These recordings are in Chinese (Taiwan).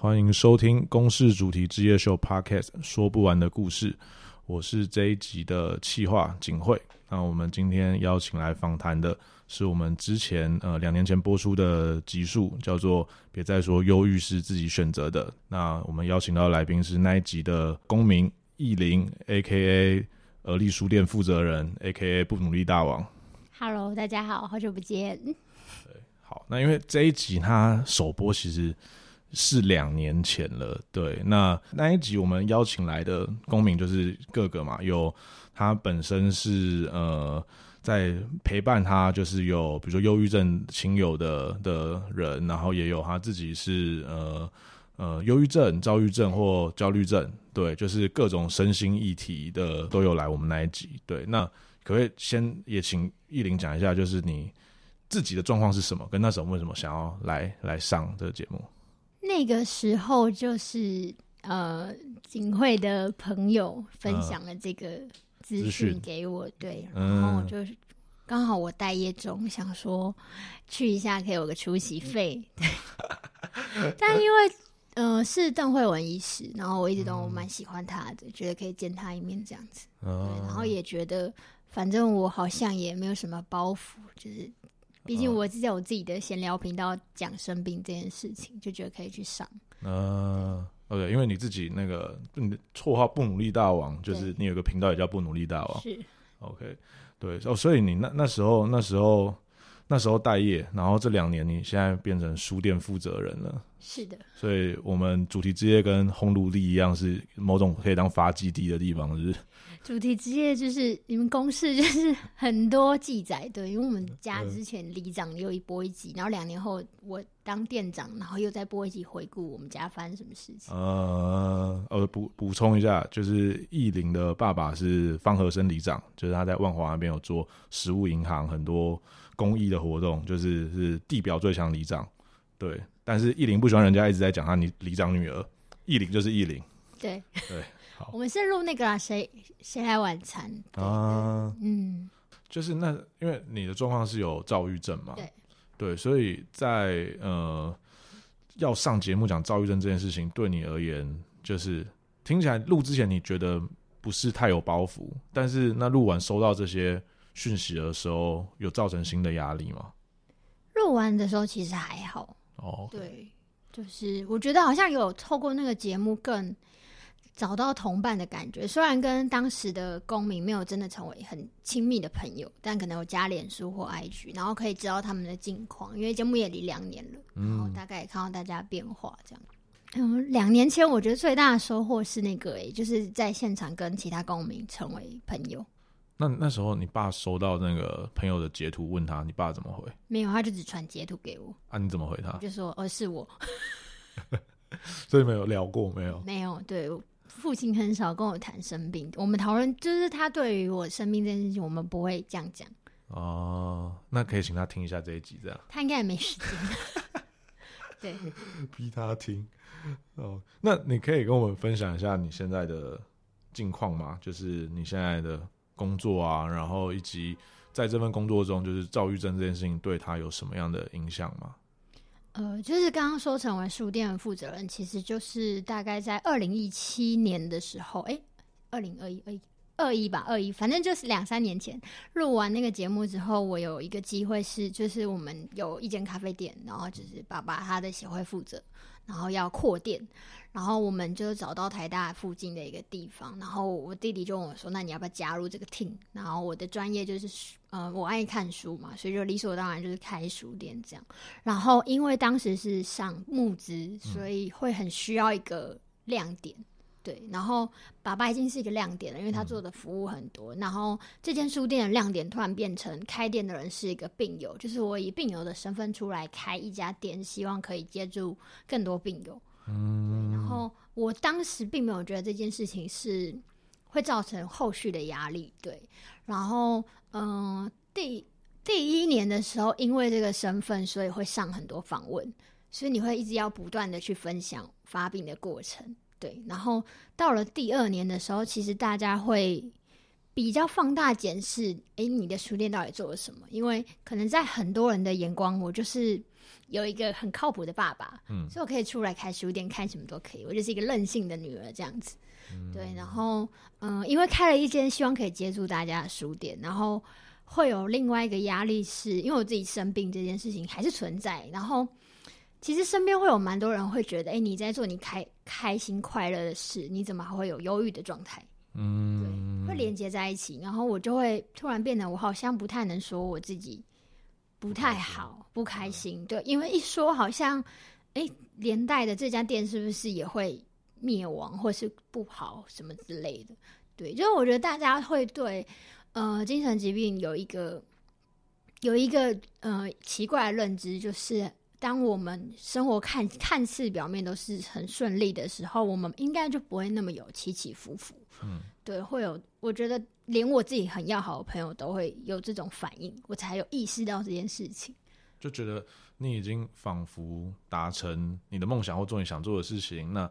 歡迎收聽《公視主題之夜 SHOW》Podcast，說不完的故事。我是這一集的企劃景惠。那我們今天邀請來訪談的是我們之前呃兩年前播出的集數，叫做《別再說憂鬱是自己選擇的》。那我們邀請到的來賓是那一集的公民億玲，A K A 而立書店負責人，A K A 不努力大王。Hello，大家好，好久不見。對，好，那因為這一集它首播其實，是兩年前了，對。那那一集我們邀請來的公民就是各個嘛，有他本身是呃在陪伴他，就是有比如說憂鬱症親友的的人，然後也有他自己是呃呃憂鬱症、躁鬱症或焦慮症，對，就是各種身心議題的都有來我們那一集。對，那可不可以先也請億玲講一下，就是你自己的狀況是什麼？跟那時候為什麼想要來來上這個節目？那個時候就是呃，景惠的朋友分享了這個資訊給我，啊、對，然後我就剛好我待業中，嗯、想說去一下可以有個出席費，嗯、對 但因為呃是鄧惠文醫師，然後我一直都蠻喜歡他的，嗯、覺得可以見他一面這樣子，嗯、對。然後也覺得反正我好像也沒有什麼包袱，就是。畢竟我自己有自己的閒聊頻道，講生病這件事情，嗯、就覺得可以去上。嗯、呃、對，OK，因為你自己那個，你的綽號“不努力大王”，就是你有一個頻道也叫“不努力大王”對。是，OK，對哦，所以你那那時候那時候。那時候待業，然後這兩年你現在變成書店負責人了，是的。所以，我們主題之夜跟紅爐力一樣，是某種可以當發基地的地方，是。主題之夜就是你們公視就是很多記載對，因為我們家之前里長又一波一集，呃、然後兩年後我當店長，然後又再播一集回顧我們家發生什麼事情。呃，我補補充一下，就是億玲的爸爸是方荷生里長，就是他在萬華那邊有做食物銀行很多。公益的活動，就是是地表最強里長，對。但是億玲不喜歡人家一直在講他你里、里長女兒，億玲就是億玲，對對。好， 我們是錄那個啦，誰誰來晚餐啊對對對？嗯，就是那因為你的狀況是有躁鬱症嘛，對對，所以在呃要上節目講躁鬱症這件事情，對你而言就是聽起來錄之前你覺得不是太有包袱，但是那錄完收到這些。訊息的時候有造成新的壓力嗎？嗯、錄完的時候其實還好哦。Oh. 對，就是我覺得好像有透過那個節目更找到同伴的感覺。雖然跟當時的公民沒有真的成為很親密的朋友，但可能有加臉書或 IG，然後可以知道他們的近況。因為節目也離兩年了，然後大概也看到大家變化這樣。嗯，嗯、兩年前我覺得最大的收穫是那個哎、欸，就是在現場跟其他公民成為朋友。那那時候你爸收到那個朋友的截圖，問他你爸怎麼回？沒有，他就只傳截圖給我。啊？你怎麼回他？我就說而、哦、是我。 所以沒有聊過沒有？沒有，對，我父親很少跟我談生病。我們討論就是他對於我生病這件事情，我們不會這樣講。哦，那可以請他聽一下這一集這樣。他應該也沒時間。 對，逼他聽。哦，那你可以跟我們分享一下你現在的近況嗎？就是你現在的。工作啊，然後以及在這份工作中，就是躁鬱症這件事情對他有什麼樣的影響嗎？呃，就是剛剛說成為書店的負責人，其實就是大概在二零一七年的時候，哎，二零二一，二一，二一吧，二一，反正就是兩三年前錄完那個節目之後，我有一個機會是，就是我們有一間咖啡店，然後就是爸爸他的協會負責。然後要擴店，然後我們就找到台大附近的一個地方，然後我弟弟就問我說：“那你要不要加入這個 team？” 然後我的專業就是，呃，我愛看書嘛，所以就理所當然就是開書店這樣。然後因為當時是上募資，所以會很需要一個亮點。嗯。對，然後爸爸已經是一個亮點了，因為他做的服務很多。嗯、然後這間書店的亮點突然變成開店的人是一個病友，就是我以病友的身份出來開一家店，希望可以接住更多病友。嗯，然後我當時並沒有覺得這件事情是會造成後續的壓力。對，然後嗯、呃，第第一年的時候，因為這個身份，所以會上很多訪問，所以你會一直要不斷的去分享發病的過程。對，然後到了第二年的時候，其實大家會比較放大檢視，哎，你的書店到底做了什麼？因為可能在很多人的眼光，我就是有一個很靠譜的爸爸，嗯，所以我可以出來開書店，開什麼都可以。我就是一個任性的女兒這樣子，嗯、對。然後，嗯、呃，因為開了一間，希望可以接住大家的書店，然後會有另外一個壓力是，是因為我自己生病這件事情還是存在，然後。其實身邊會有蠻多人會覺得，哎、欸，你在做你開開心快樂的事，你怎麼還會有憂鬱的狀態？嗯，對，會連接在一起。然後我就會突然變得，我好像不太能說我自己不太好、不開心。開心嗯、對，因為一說，好像哎、欸，連帶的這家店是不是也會滅亡，或是不好什麼之類的？對，就是我覺得大家會對呃精神疾病有一個有一個呃奇怪的認知，就是。當我們生活看看似表面都是很順利的時候，我們應該就不會那麼有起起伏伏。嗯，對，會有。我覺得連我自己很要好的朋友都會有這種反應，我才有意識到這件事情。就覺得你已經仿佛達成你的夢想或做你想做的事情，那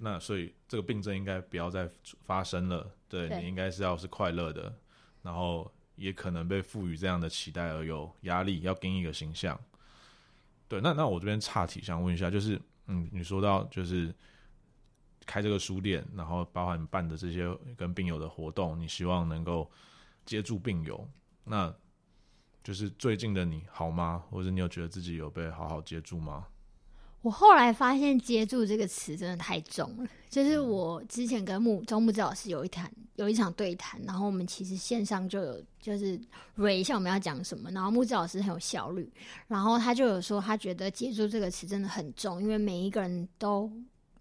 那所以這個病症應該不要再發生了。對，對你應該是要是快樂的，然後也可能被賦予這樣的期待而有壓力，要給一個形象。對，那那我這邊岔題，想問一下，就是，嗯，你說到就是開這個書店，然後包含你辦的這些跟病友的活動，你希望能夠接住病友，那就是最近的你好嗎？或者你有覺得自己有被好好接住嗎？我後來發現“接住”這個詞真的太重了。就是我之前跟木中木子老師有一談，有一場對談，然後我們其實線上就有就是瑞一下我們要講什麼，然後木子老師很有效率，然後他就有說他覺得“接住”這個詞真的很重，因為每一個人都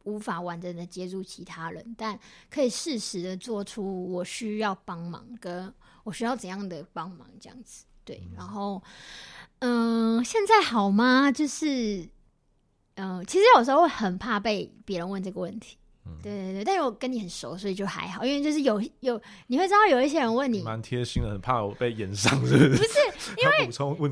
無法完整的接住其他人，但可以適時的做出我需要幫忙，跟我需要怎樣的幫忙這樣子。對，然後嗯、呃，現在好嗎？就是。嗯、呃，其實有時候會很怕被別人問這個問題。嗯、對對對，但我跟你很熟，所以就還好。因為就是有有，你會知道有一些人問你蠻貼心的，很怕我被演上是不是？不是，因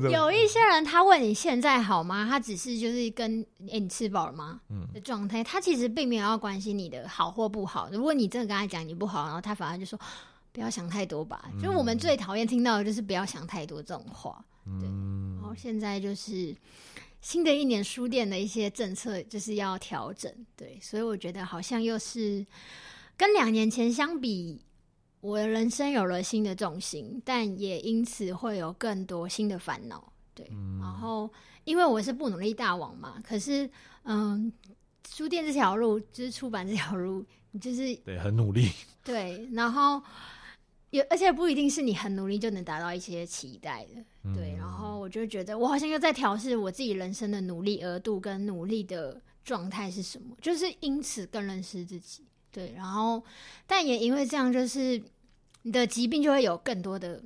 為有一些人他問你現在好嗎？他只是就是跟哎、欸，你吃飽了嗎？嗯、的狀態，他其實並沒有要關心你的好或不好。如果你真的跟他講你不好，然後他反而就說不要想太多吧。嗯、就是我們最討厭聽到的就是不要想太多這種話。對嗯，然後現在就是。新的一年，書店的一些政策就是要調整，對，所以我覺得好像又是跟兩年前相比，我的人生有了新的重心，但也因此會有更多新的煩惱，對。嗯、然後，因為我是不努力大王嘛，可是，嗯，書店這條路，就是出版這條路，就是對，很努力，對，然後。而且不一定是你很努力就能達到一些期待的，嗯、對。然後我就覺得我好像又在調適我自己人生的努力額度跟努力的狀態是什麼，就是因此更認識自己，對。然後但也因為這樣，就是你的疾病就會有更多的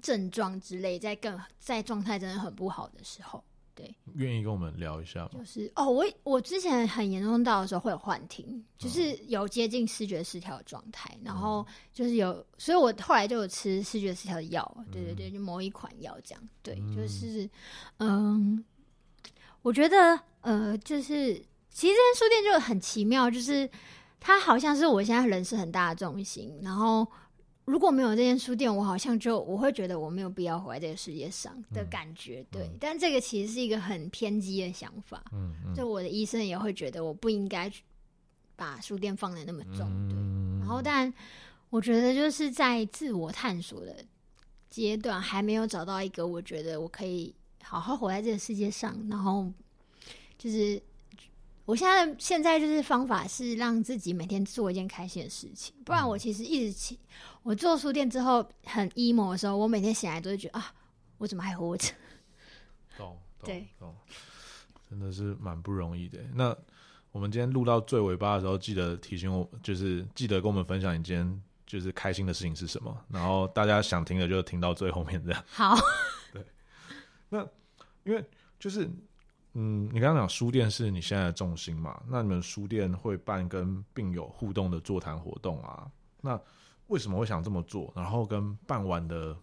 症狀之類，在更在狀態真的很不好的時候。願對意跟我們聊一下嗎？就是哦，我我之前很嚴重到的時候會有幻聽，就是有接近思覺失調的狀態，哦、然後就是有，所以我後來就有吃思覺失調的藥。嗯、對對對，就某一款藥這樣。對，嗯、就是嗯，我覺得呃，就是其實這間書店就很奇妙，就是它好像是我現在人生很大的重心，然後。如果沒有這間書店，我好像就我會覺得我沒有必要活在這個世界上的感覺。嗯嗯、對，但這個其實是一個很偏激的想法。嗯，嗯，就我的醫生也會覺得我不應該把書店放得那麼重。對，嗯、然後但我覺得就是在自我探索的階段，還沒有找到一個我覺得我可以好好活在這個世界上，然後就是。我現在的現在就是方法是讓自己每天做一件開心的事情，不然我其實一直起。嗯，我做書店之後很 emo 的時候，我每天醒來都會覺得啊，我怎麼還活着？懂，對，懂，真的是蠻不容易的。那我們今天錄到最尾巴的時候，記得提醒我，就是記得跟我們分享一件就是開心的事情是什麼。然後大家想聽的就聽到最後面這樣。好，對，那因為就是。嗯，你剛剛講書店是你現在的重心嘛，那你們書店會辦跟病友互動的座談活動啊，那為什麼會想這麼做？然後跟辦完的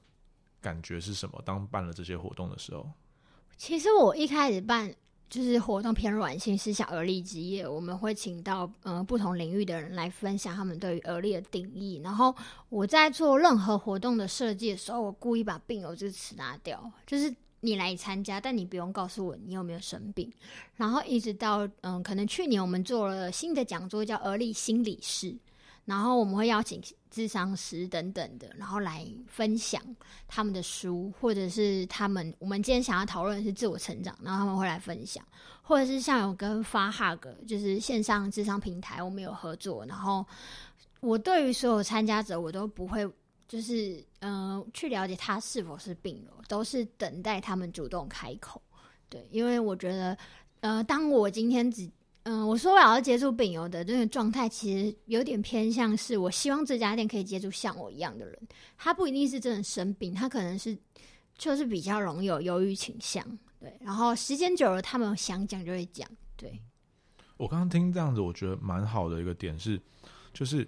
感覺是什麼？當辦了這些活動的時候，其實我一開始辦就是活動偏軟性，是想而立之夜，我們會請到呃不同領域的人來分享他們對於而立的定義。然後我在做任何活動的設計的時候，我故意把病友這個詞拿掉，就是。你來參加，但你不用告訴我你有沒有生病。然後一直到嗯，可能去年我們做了新的講座，叫“而立心理師”，然後我們會邀請諮商師等等的，然後來分享他們的書，或者是他們。我們今天想要討論的是自我成長，然後他們會來分享，或者是像有跟 FarHug，就是線上諮商平台，我們有合作。然後我對於所有參加者，我都不會。就是嗯、呃，去了解他是否是病友，都是等待他們主動開口。對，因為我覺得，呃，當我今天只嗯、呃，我說我要接觸病友的那個狀態，其實有點偏向是，我希望這家店可以接觸像我一樣的人。他不一定是真的生病，他可能是就是比較容易有憂鬱傾向。對，然後時間久了，他們想講就會講。對，我剛剛聽這樣子，我覺得蠻好的一個點是，就是。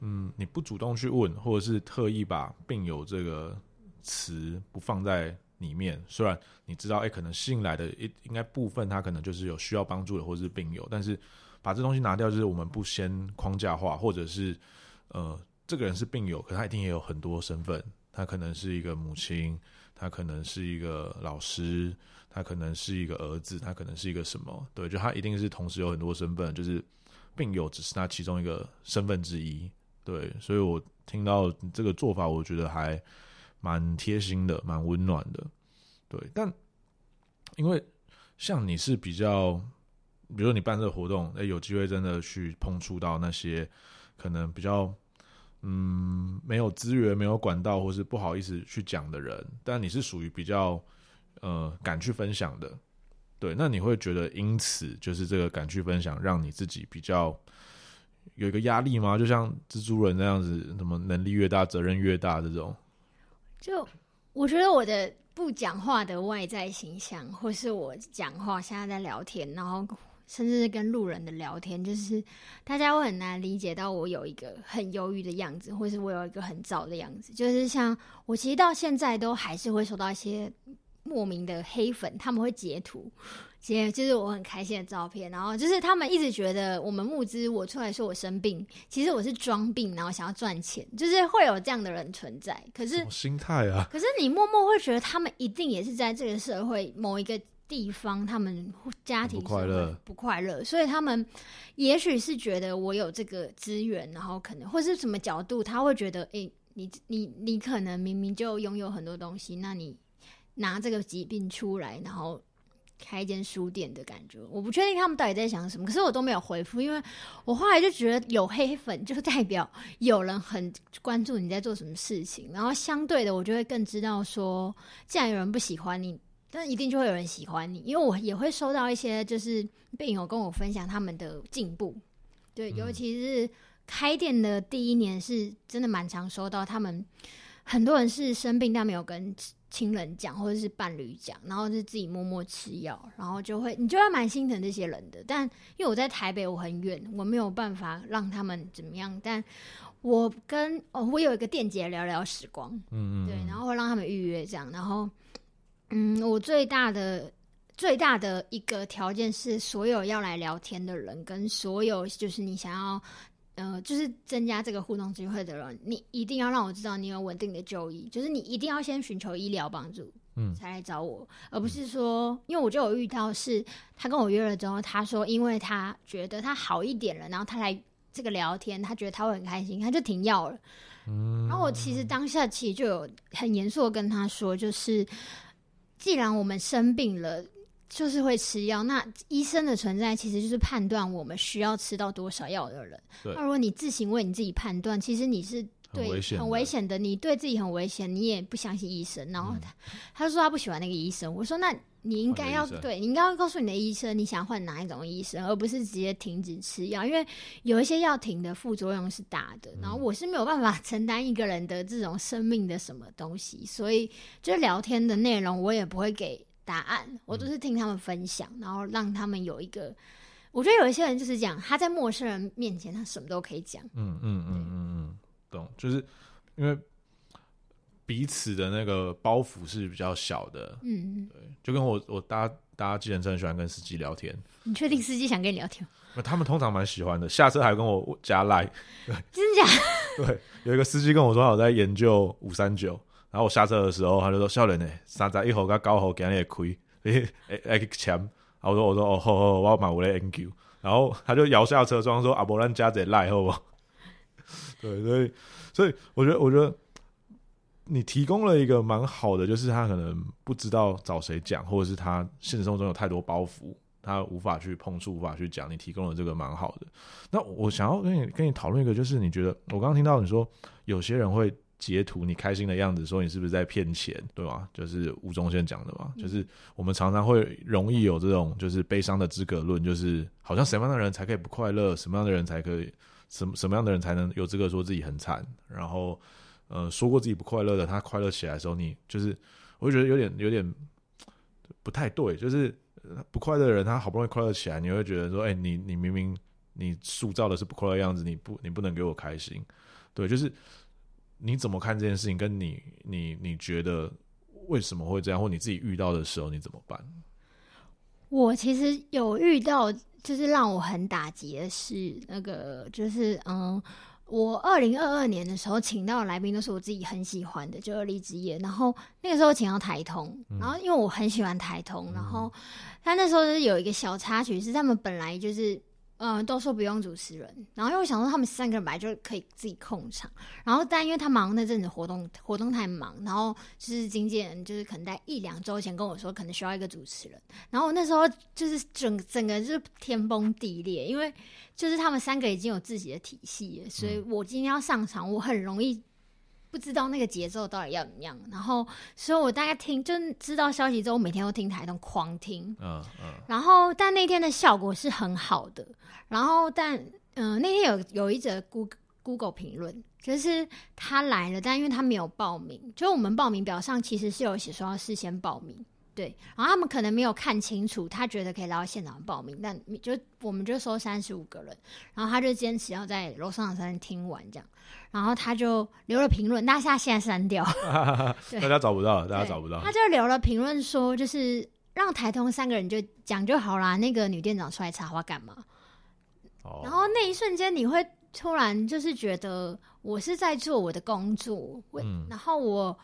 嗯，你不主動去問，或者是特意把“病友”這個詞不放在裡面。雖然你知道，哎、欸，可能吸引來的應應該部分他可能就是有需要幫助的，或者是病友，但是把這東西拿掉，就是我們不先框架化，或者是呃，這個人是病友，可他一定也有很多身份。他可能是一個母親，他可能是一個老師，他可能是一個兒子，他可能是一個什麼？對，就他一定是同時有很多身份，就是病友只是他其中一個身份之一。對，所以我聽到這個做法，我覺得還蠻貼心的，蠻溫暖的。對，但因為像你是比較，比如說你辦這個活動，那有機會真的去碰觸到那些可能比較嗯，沒有資源、沒有管道，或是不好意思去講的人。但你是屬於比較呃敢去分享的，對，那你會覺得因此就是這個敢去分享，讓你自己比較有一個壓力嗎？就像蜘蛛人那樣子，什麼能力越大，責任越大這種。就我覺得我的不講話的外在形象，或是我講話，現在在聊天，然後甚至是跟路人的聊天，就是大家會很難理解到我有一個很憂鬱的樣子，或是我有一個很躁的樣子。就是像我其實到現在都還是會收到一些莫名的黑粉，他們會截圖。姐，其實就是我很開心的照片，然後就是他們一直覺得我們募資，我出來說我生病，其實我是裝病，然後想要賺錢，就是會有這樣的人存在。可是心態啊，可是你默默會覺得他們一定也是在這個社會某一個地方，他們家庭不快樂，不快樂，所以他們也許是覺得我有這個資源，然後可能或是什麼角度，他會覺得，哎、欸，你你你可能明明就擁有很多東西，那你拿這個疾病出來，然後。開一間書店的感覺，我不確定他們到底在想什麼，可是我都沒有回復，因為我後來就覺得有黑粉就代表有人很關注你在做什麼事情，然後相對的我就會更知道說，既然有人不喜歡你，那一定就會有人喜歡你，因為我也會收到一些就是病友跟我分享他們的進步，對，嗯、尤其是開店的第一年是真的蠻常收到他們，很多人是生病但沒有跟。親人講或者是伴侶講，然後就自己默默吃藥，然後就會你就會蠻心疼這些人的，但因為我在台北我很遠，我沒有辦法讓他們怎麼樣，但我跟哦我有一個電解聊聊時光，嗯嗯，對，然後會讓他們預約這樣，然後嗯，我最大的最大的一個條件是，所有要來聊天的人跟所有就是你想要呃，就是增加這個互動機會的人，你一定要讓我知道你有穩定的就醫，就是你一定要先尋求醫療幫助，嗯，才來找我，嗯，而不是說，因為我就有遇到是，他跟我約了之後，他說因為他覺得他好一點了，然後他來這個聊天，他覺得他會很開心，他就停藥了，嗯，然後我其實當下其實就有很嚴肅的跟他說，就是既然我們生病了。就是會吃藥，那醫生的存在其實就是判斷我們需要吃到多少藥的人。那對如果你自行為你自己判斷，其實你是對很危險的，很危險的，你對自己很危險，你也不相信醫生。然後他、嗯、他說他不喜歡那個醫生，我說那你應該要對，你應該要告訴你的醫生，你想換哪一種醫生，而不是直接停止吃藥，因為有一些藥停的副作用是大的。然後我是沒有辦法承擔一個人的這種生命的什麼東西，所以就聊天的內容我也不會給答案，我都是聽他們分享，然後讓他們有一個。我覺得有一些人就是講，他在陌生人面前他什麼都可以講、嗯。嗯嗯嗯嗯嗯，對懂，就是因為彼此的那個包袱是比較小的。嗯嗯，對，就跟我我搭搭計程車很喜歡跟司機聊天。你確定司機想跟你聊天？那、嗯、他們通常蠻喜歡的，下車還跟我加賴、like，對。真的假？對，有一個司機跟我說，我在研究五三九。然後我下車的時候，他就說：“少年呢，三十一號跟九號今日虧誒誒誒錢。”然後我說：“我說哦哦，好好我要買我的 NQ。”然後他就搖下車窗說：“阿伯，咱加只賴好不？”對，所以所以我覺得，我覺得你提供了一個蠻好的，就是他可能不知道找誰講，或者是他現實生活中有太多包袱，他無法去碰觸，無法去講。你提供了這個蠻好的。那我想要跟你跟你討論一個，就是你覺得我剛剛聽到你說有些人會。截圖你開心的樣子，說你是不是在騙錢，對吧？就是吳宗憲講的嘛，嗯、就是我們常常會容易有這種，就是悲傷的資格論，就是好像什麼樣的人才可以不快樂，什麼樣的人才可以什什麼樣的人才能有資格說自己很慘，然後呃說過自己不快樂的，他快樂起來的時候，你就是我會覺得有點有點不太對，就是不快樂的人他好不容易快樂起來，你會覺得說，哎、欸，你你明明你塑造的是不快樂樣子，你不你不能給我開心，對，就是。你怎麼看這件事情？跟你你你覺得為什麼會這樣？或你自己遇到的時候，你怎麼辦？我其實有遇到，就是讓我很打擊的是那個就是嗯，我二零二二年的時候，請到的來賓都是我自己很喜歡的，就二立之夜。然後那個時候請到台通，然後因為我很喜歡台通，嗯、然後他那時候是有一個小插曲，是他們本來就是。嗯，都說不用主持人，然後又想說他們三個人本來就可以自己控場，然後但因為他忙那陣子活動活動太忙，然後就是經紀人就是可能在一兩週前跟我說可能需要一個主持人，然後那時候就是整整個就是天崩地裂，因為就是他們三個已經有自己的體系了，所以我今天要上場，我很容易不知道那個節奏到底要怎麼樣，然後所以我大概聽就知道消息之後，我每天都聽台東狂聽，嗯嗯，然後但那天的效果是很好的。然後但，但、呃、嗯，那天有有一則 Google Google 評論，就是他來了，但因為他沒有報名，就我們報名表上其實是有寫說要事先報名，對。然後他們可能沒有看清楚，他覺得可以來到現場報名，但就我們就收三十五個人，然後他就堅持要在樓上的三聽完這樣，然後他就留了評論，大家現在刪掉，大家找不到，大家找不到，他就留了評論說，就是讓台通三個人就講就好啦，那個女店長出來插話幹嘛？然後那一瞬間，你會突然就是覺得我是在做我的工作。嗯、會，然後我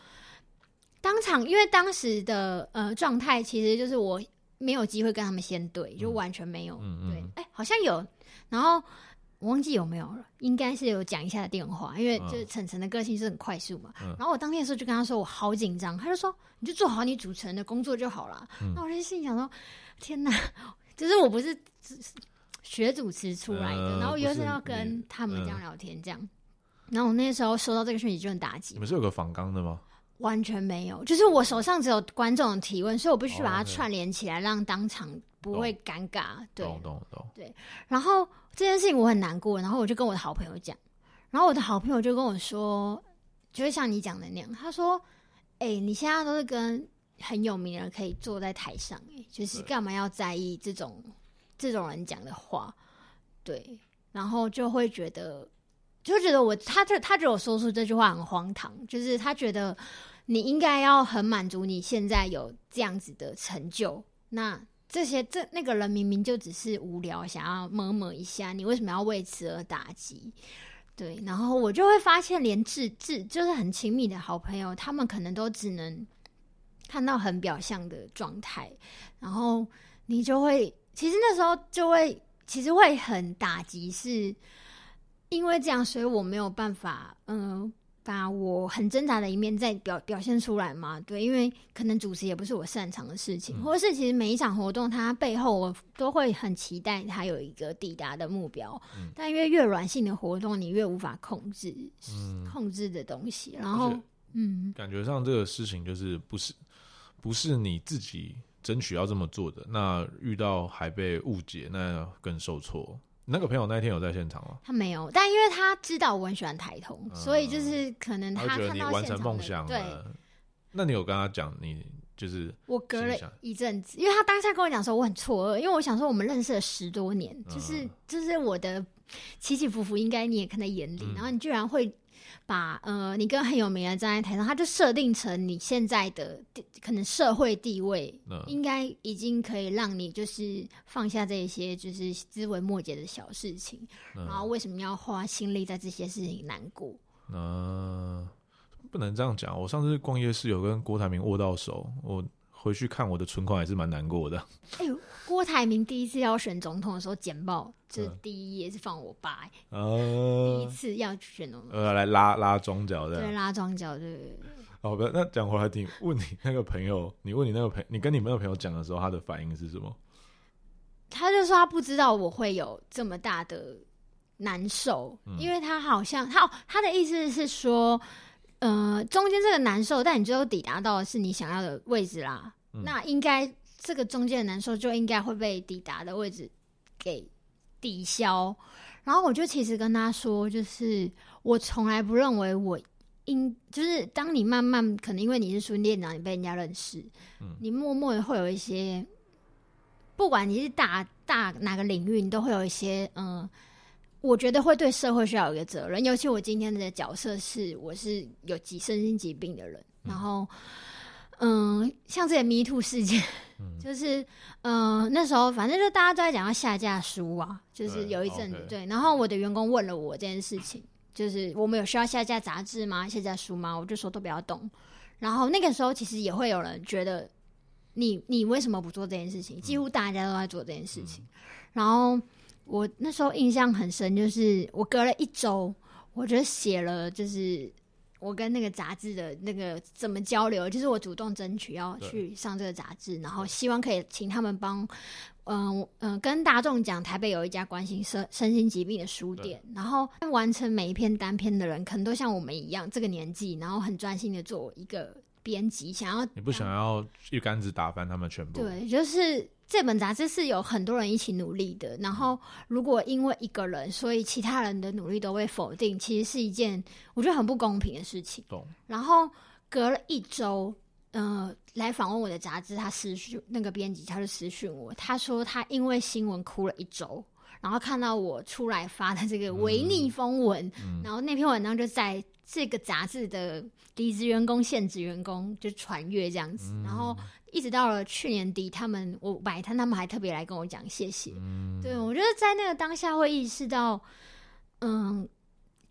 當場，因為當時的呃狀態，其實就是我沒有機會跟他們先對，嗯、就完全沒有。嗯嗯、對，哎、欸，好像有，然後我忘記有沒有了，應該是有講一下的電話。因為就是晨晨的個性是很快速嘛。嗯、然後我當天的時候就跟他說：“我好緊張。”他就說：“你就做好你主持人的工作就好了。嗯”那我就心想說：“天哪！”就是我不是只是。嗯學主持出來的，呃、然後又是要跟他們這樣是聊天這樣，呃、然後我那時候收到這個訊息就很打擊。你們是有個訪綱的嗎？完全沒有，就是我手上只有觀眾的提問，所以我必須把它串聯起來，讓當場不會尷尬。哦 okay. 對，懂懂懂，對，然後這件事情我很難過，然後我就跟我的好朋友講，然後我的好朋友就跟我說，就是像你講的那樣，他說：“哎、欸，你現在都是跟很有名的人可以坐在台上，欸，哎，就是幹嘛要在意這種？”這種人講的話，對，然後就會覺得，就覺得我他就他覺得我說出這句話很荒唐，就是他覺得你應該要很滿足你現在有這樣子的成就，那這些這那個人明明就只是無聊，想要摸摸一下，你為什麼要為此而打擊？對，然後我就會發現連，連至至就是很親密的好朋友，他們可能都只能看到很表象的狀態，然後你就會。其實那時候就會，其實會很打擊，是因為這樣，所以我沒有辦法，嗯、呃，把我很掙扎的一面再表表現出來嘛。對，因為可能主持也不是我擅長的事情，嗯、或是其實每一場活動，它背後我都會很期待它有一個抵達的目標，嗯、但因為越軟性的活動，你越無法控制、嗯、控制的東西，然後，而且嗯，感覺上這個事情就是不是不是你自己。爭取要這麼做的，那遇到還被誤解，那更受挫。那個朋友那天有在現場嗎？他沒有，但因為他知道我很喜歡抬頭，嗯、所以就是可能他看到你完成夢想了。對，那你有跟他講你就是？我隔了一陣子，因為他當下跟我講說我很錯愕，因為我想說我們認識了十多年，嗯、就是就是我的起起伏伏，應該你也看在眼裡，嗯、然後你居然會。把呃，你跟很有名的站在台上，他就設定成你現在的可能社會地位，呃、應該已經可以讓你就是放下這些就是枝微末節的小事情，呃、然後為什麼要花心力在這些事情難過？嗯、呃，不能這樣講。我上次逛夜市有跟郭台銘握到手，我。回去看我的存款還是蠻難過的。哎呦，郭台銘第一次要選總統的時候，簡報這、嗯、第一頁是放我爸、欸。哦、啊，第一次要選總統，呃、嗯啊，來拉拉莊腳的，對，拉莊腳的。對對對哦，不，那講回來，問你， 你問你那個朋友，你問你那個朋，你跟你那個朋友講的時候，他的反應是什麼？他就說他不知道我會有這麼大的難受，嗯、因為他好像他他的意思是說。呃，中間這個難受，但你最後抵達到的是你想要的位置啦。嗯、那應該這個中間的難受就應該會被抵達的位置給抵消。然後我就其實跟他說，就是我從來不認為我應，就是當你慢慢可能因為你是書店長，你被人家認識，嗯、你默默的會有一些，不管你是大大哪個領域，你都會有一些，嗯。我覺得會對社會需要有一個責任，尤其我今天的角色是，我是有急身心疾病的人。然後，嗯，嗯，像這些 MeToo 事件，嗯、就是，嗯，那時候反正就大家都在講要下架書啊，就是有一陣子對、okay、對。然後我的員工問了我這件事情，就是我們有需要下架雜誌嗎？下架書嗎？我就說都不要動。然後那個時候其實也會有人覺得，你你為什麼不做這件事情？幾乎大家都在做這件事情，嗯、然後，我那時候印象很深，就是我隔了一周，我就寫了，就是我跟那個雜誌的那個怎麼交流，就是我主動爭取要去上這個雜誌，對然後希望可以請他們幫，嗯、呃、嗯、呃，跟大眾講，台北有一家關心身身心疾病的書店，對然後完成每一篇單篇的人，可能都像我們一樣，這個年紀，然後很專心的做一個編輯，想要你不想要一竿子打翻他們全部？對，就是。這本雜誌是有很多人一起努力的，然後如果因為一個人，所以其他人的努力都被否定，其實是一件我覺得很不公平的事情。懂然後隔了一周，呃，來訪問我的雜誌，他私訊那個編輯，他就私訊我，他說他因為新聞哭了一周，然後看到我出來發的這個維逆風文，嗯嗯、然後那篇文章就在這個雜誌的離職員工、現職員工就傳閱這樣子，嗯、然後。一直到了去年底，他們我擺攤，他們還特別來跟我講謝謝。嗯、對，我覺得在那個當下會意識到，嗯，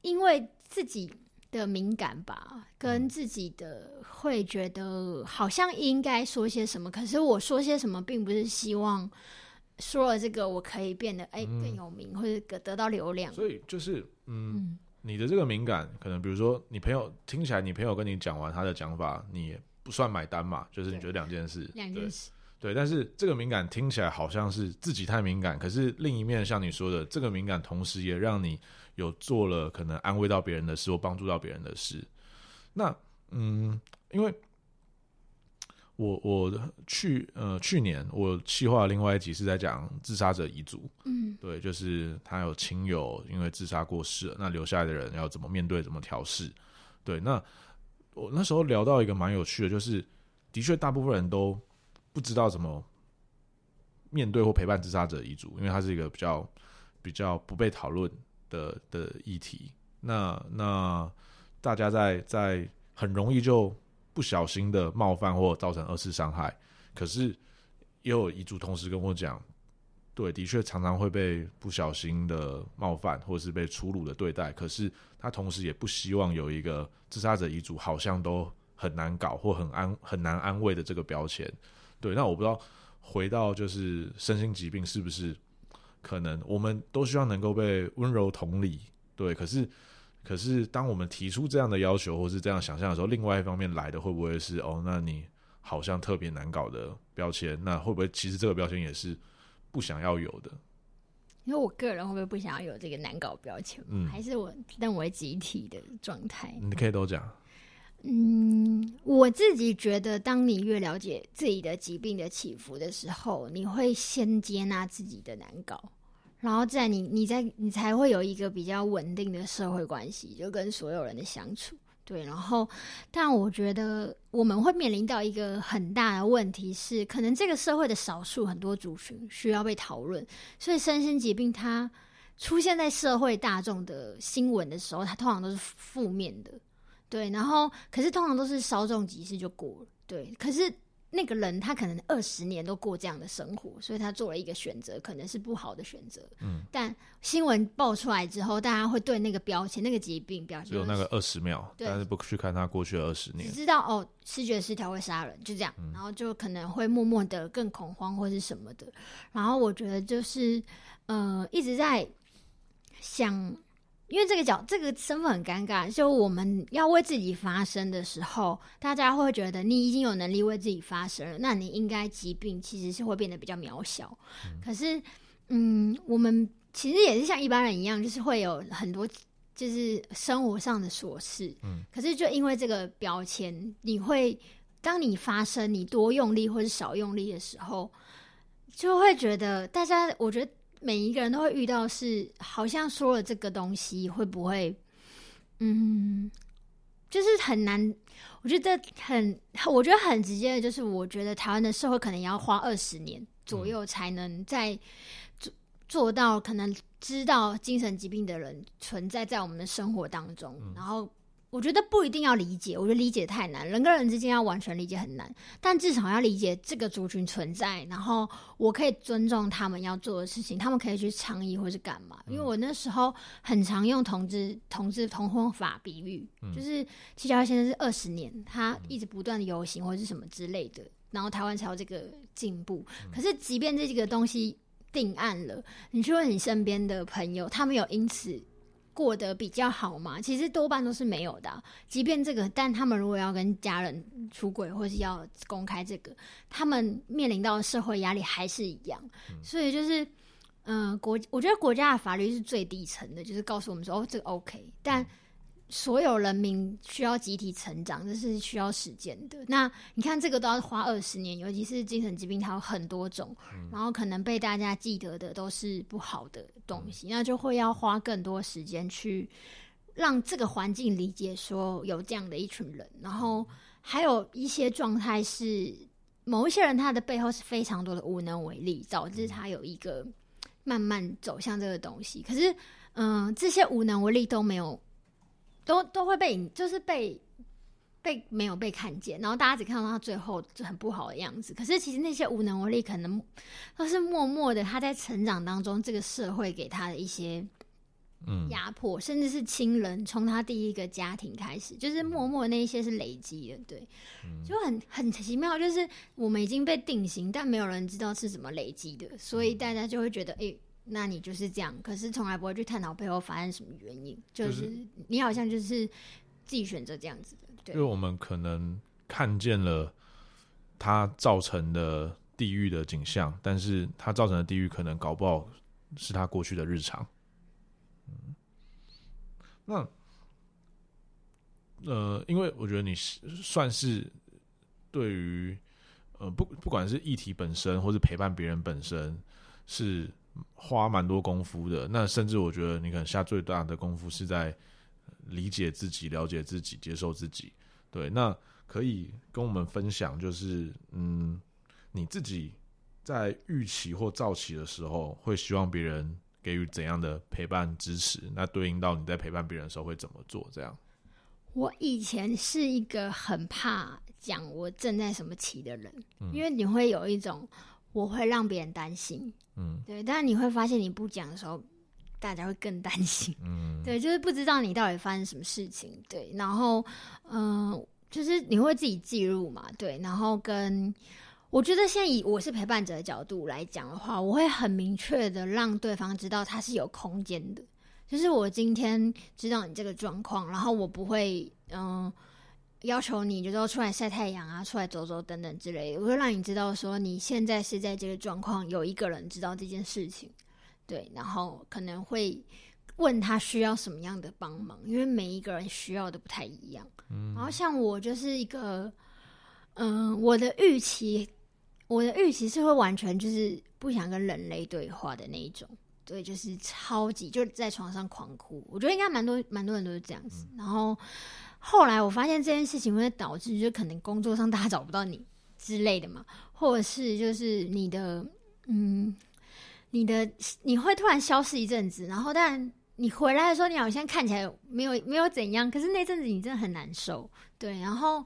因為自己的敏感吧，跟自己的、嗯、會覺得好像應該說些什麼，可是我說些什麼，並不是希望說了這個我可以變得哎、欸、更有名、嗯、或者得到流量。所以就是，嗯，嗯，你的這個敏感，可能比如說你朋友聽起來，你朋友跟你講完他的講法，你也，不算買單嘛，就是你覺得兩件事，兩對對件事對，對，但是這個敏感聽起來好像是自己太敏感，可是另一面像你說的，這個敏感同時也讓你有做了可能安慰到別人的事或幫助到別人的事。那嗯，因為我我去呃去年我企劃另外一集是在講自殺者遺囑，嗯，對，就是他有親友因為自殺過世，那留下來的人要怎麼面對，怎麼調適，對，那。我那時候聊到一個蠻有趣的，就是的確大部分人都不知道怎麼面對或陪伴自殺者遺族，因為它是一個比較比較不被討論的的議題。那那大家在在很容易就不小心的冒犯或造成二次傷害。可是也有遺族同時跟我講，對，的確常常會被不小心的冒犯或者是被粗魯的對待。可是。他同時也不希望有一個自殺者遺囑，好像都很難搞或很安、很難安慰的這個標籤，對。那我不知道，回到就是身心疾病是不是可能，我們都希望能夠被溫柔同理，對。可是，可是當我們提出這樣的要求或是這樣想象的時候，另外一方面來的會不會是哦，那你好像特別難搞的標籤？那會不會其實這個標籤也是不想要有的？因為我個人會不會不想要有這個難搞標籤？嗯，還是我認為集體的狀態？你可以多講。嗯，我自己覺得，當你越了解自己的疾病的起伏的時候，你會先接納自己的難搞，然後在你，你再，你才會有一個比較穩定的社會關係，就跟所有人的相處。對，然後，但我覺得我們會面臨到一個很大的問題是，可能這個社會的少數很多族群需要被討論，所以身心疾病它出現在社會大眾的新聞的時候，它通常都是負面的，對，然後可是通常都是稍縱即逝就過了，對，可是。那個人他可能二十年都過這樣的生活，所以他做了一個選擇，可能是不好的選擇。嗯，但新聞爆出來之後，大家會對那個標籤、那個疾病標籤，只有那個二十秒，對但是不去看他過去二十年，只知道哦，思覺失調會殺人，就這樣，嗯、然後就可能會默默的更恐慌或是什麼的。然後我覺得就是，呃，一直在想。因為這個角這個身份很尷尬，就我們要為自己發聲的時候，大家會覺得你已經有能力為自己發聲了，那你應該疾病其實是會變得比較渺小。嗯、可是，嗯，我們其實也是像一般人一樣，就是會有很多就是生活上的瑣事。嗯、可是就因為這個標籤，你會當你發聲你多用力或是少用力的時候，就會覺得大家，我覺得。每一個人都會遇到是，是好像說了這個東西會不會，嗯，就是很難。我覺得很，我覺得很直接的，就是我覺得台灣的社會可能也要花二十年左右，才能在做，嗯，做到可能知道精神疾病的人存在在我們的生活當中，嗯、然後。我覺得不一定要理解，我覺得理解太難，人跟人之間要完全理解很難，但至少要理解這個族群存在，然後我可以尊重他們要做的事情，他們可以去倡議或是幹嘛。因為我那時候很常用同志、同志同婚法比喻，嗯、就是其實他現在是二十年，他一直不斷遊行或者什麼之類的，然後台灣才有這個進步。可是即便這幾個東西定案了，你去問你身邊的朋友，他們有因此過得比較好嘛？其實多半都是沒有的、啊。即便這個，但他們如果要跟家人出櫃，或是要公開這個，他們面臨到的社會壓力還是一樣。嗯、所以就是，嗯、呃，國我覺得國家的法律是最底層的，就是告訴我們說，哦，這個 OK，但、嗯。所有人民需要集體成長，這是需要時間的。那你看，這個都要花二十年，尤其是精神疾病，它有很多種，嗯、然後可能被大家記得的都是不好的東西，嗯、那就會要花更多時間去讓這個環境理解說有這樣的一群人，然後還有一些狀態是某一些人，他的背後是非常多的無能為力，導致他有一個慢慢走向這個東西。可是，嗯、呃，這些無能為力都沒有。都都會被就是被被沒有被看見，然後大家只看到他最後就很不好的樣子。可是其實那些無能為力，可能都是默默的，他在成長當中，這個社會給他的一些壓迫，嗯、甚至是親人，從他第一個家庭開始，就是默默的那一些是累積的。對，就很很奇妙，就是我們已經被定型，但沒有人知道是怎麼累積的，所以大家就會覺得，哎、嗯。欸那你就是這樣，可是從來不會去探討背後發生什麼原因，就是、就是、你好像就是自己選擇這樣子的。對，因為我們可能看見了他造成的地獄的景象，但是他造成的地獄可能搞不好是他過去的日常。嗯、那呃，因為我覺得你是算是對於呃，不不管是議題本身，或是陪伴別人本身是，花蠻多功夫的，那甚至我覺得你可能下最大的功夫是在理解自己、了解自己、接受自己。對，那可以跟我們分享，就是嗯，你自己在鬱期或躁期的時候，會希望別人給予怎樣的陪伴支持？那對應到你在陪伴別人的時候會怎麼做？這樣？我以前是一個很怕講我正在什麼期的人，嗯、因為你會有一種。我會讓別人擔心，嗯，對。但是你會發現，你不講的時候，大家會更擔心，嗯，對，就是不知道你到底發生什麼事情，對。然後，嗯、呃，就是你會自己記錄嘛，對。然後跟，我覺得現在以我是陪伴者的角度來講的話，我會很明確的讓對方知道他是有空間的，就是我今天知道你這個狀況，然後我不會，嗯、呃。要求你，就是出來曬太陽啊，出來走走等等之類的，我會讓你知道說你現在是在這個狀況，有一個人知道這件事情，對，然後可能會問他需要什麼樣的幫忙，因為每一個人需要的不太一樣。嗯、然後像我就是一個，嗯、呃，我的預期，我的預期是會完全就是不想跟人類對話的那一種，對，就是超級就在床上狂哭，我覺得應該蠻多蠻多人都是這樣子，嗯、然後。後來我發現這件事情會導致，就可能工作上大家找不到你之類的嘛，或者是就是你的嗯，你的你會突然消失一陣子，然後但你回來的時候，你好像看起來沒有沒有怎樣，可是那陣子你真的很難受，對。然後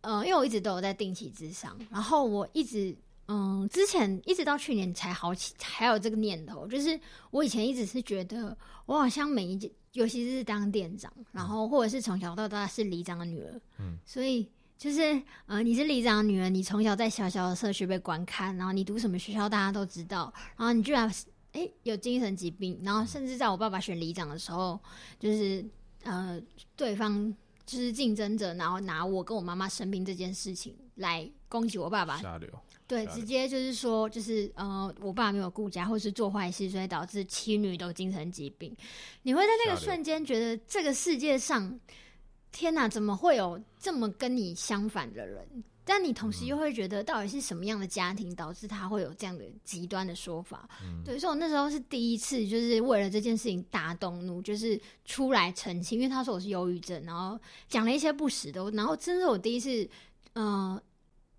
嗯、呃，因為我一直都有在定期自傷，然後我一直嗯，之前一直到去年才好起，才有這個念頭，就是我以前一直是覺得我好像每一件尤其是當店長，然後或者是從小到大是里長的女兒，嗯、所以就是呃，你是里長的女兒，你從小在小小的社區被觀看，然後你讀什麼學校大家都知道，然後你居然哎、欸、有精神疾病，然後甚至在我爸爸選里長的時候，嗯、就是呃對方就是競爭者，然後拿我跟我媽媽生病這件事情來攻擊我爸爸。下流。對，直接就是說，就是呃，我爸沒有顧家，或是做壞事，所以導致妻女都精神疾病。你會在那個瞬間覺得，這個世界上，下流。天哪、啊，怎麼會有這麼跟你相反的人？但你同時又會覺得，到底是什麼樣的家庭導致他會有這樣的極端的說法？嗯、對，所以，我那時候是第一次，就是為了這件事情大動怒，就是出來澄清，因為他說我是憂鬱症，然後講了一些不實的，然後，真是我第一次，呃。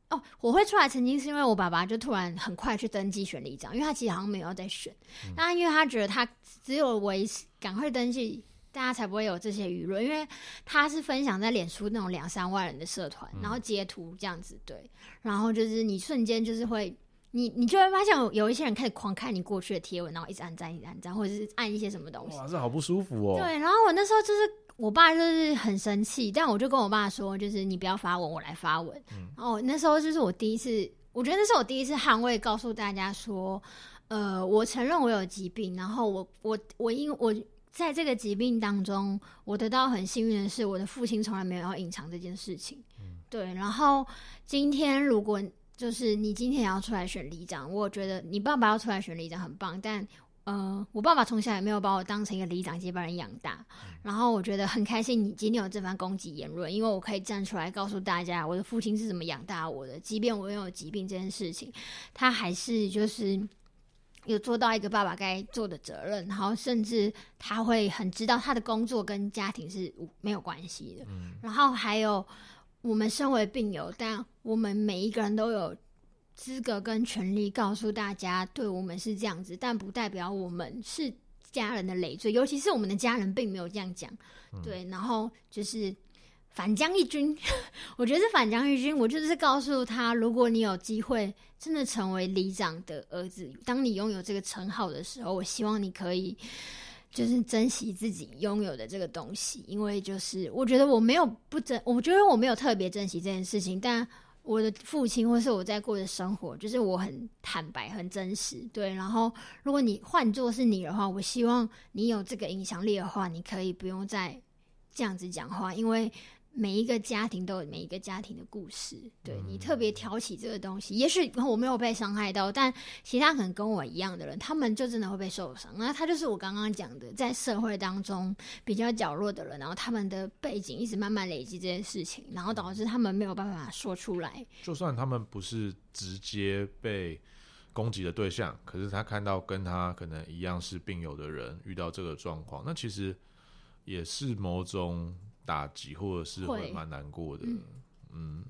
哦，我會出來曾經是因為我爸爸就突然很快去登記選了一張，因為他其實好像沒有在選，嗯、但因為他覺得他只有維持趕快登記，大家才不會有這些輿論，因為他是分享在臉書那種兩三萬人的社團，嗯、然後截圖這樣子對，然後就是你瞬間就是會你你就會發現有一些人開始狂看你過去的貼文，然後一直按讚一直按讚或者是按一些什麼東西，哇，這好不舒服哦。對，然後我那時候就是。我爸就是很生氣，但我就跟我爸說，就是你不要發文，我來發文。然後、嗯哦、那時候就是我第一次，我覺得那是我第一次捍衛，告訴大家說，呃，我承認我有疾病，然後我我我因我在這個疾病當中，我得到很幸運的是，我的父親從來沒有要隱藏這件事情。嗯、對，然後今天如果就是你今天也要出來選里長，我覺得你爸爸要出來選里長很棒，但。呃，我爸爸從小也沒有把我當成一個里長接班人養大，嗯、然後我覺得很開心，你今天有這番攻擊言論，因為我可以站出來告訴大家，我的父親是怎麼養大我的，即便我擁有疾病這件事情，他還是就是有做到一個爸爸該做的責任，然後甚至他會很知道他的工作跟家庭是沒有關係的，嗯、然後還有我們身為病友，但我們每一個人都有。資格跟權利告訴大家，對，我們是這樣子，但不代表我們是家人的累贅，尤其是我們的家人並沒有這樣講。嗯、對，然後就是反將一軍，我覺得是反將一軍。我就是告訴他，如果你有機會真的成為里長的兒子，當你擁有這個稱號的時候，我希望你可以就是珍惜自己擁有的這個東西，因為就是我覺得我沒有不珍，我覺得我沒有特別珍惜這件事情，但。我的父親，或是我在過的生活，就是我很坦白、很真實，對。然後，如果你換作是你的話，我希望你有這個影響力的話，你可以不用再這樣子講話，因為。每一個家庭都有每一個家庭的故事，對，你特別挑起這個東西，也許我沒有被傷害到，但其他可能跟我一樣的人，他們就真的會被受傷。那他就是我剛剛講的，在社會當中比較角落的人，然後他們的背景一直慢慢累積這件事情，然後導致他們沒有辦法說出來。就算他們不是直接被攻擊的對象，可是他看到跟他可能一樣是病友的人遇到這個狀況，那其實也是某種。打擊，或者是會蠻難過的。嗯，嗯，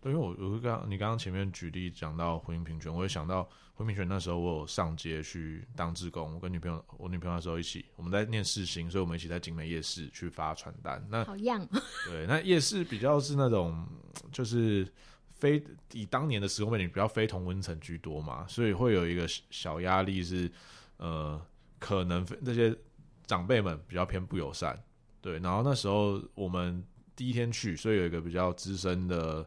對，因為我我剛你剛剛前面舉例講到婚姻平權，我也想到婚姻平權那時候，我有上街去當志工，我跟女朋友，我女朋友那時候一起，我們在念世新，所以我們一起在景美夜市去發傳單。那好樣。對，那夜市比較是那種，就是非以當年的時空背景比較非同溫層居多嘛，所以會有一個小壓力是，呃，可能非那些長輩們比較偏不友善。對，然後那時候我們第一天去，所以有一個比較資深的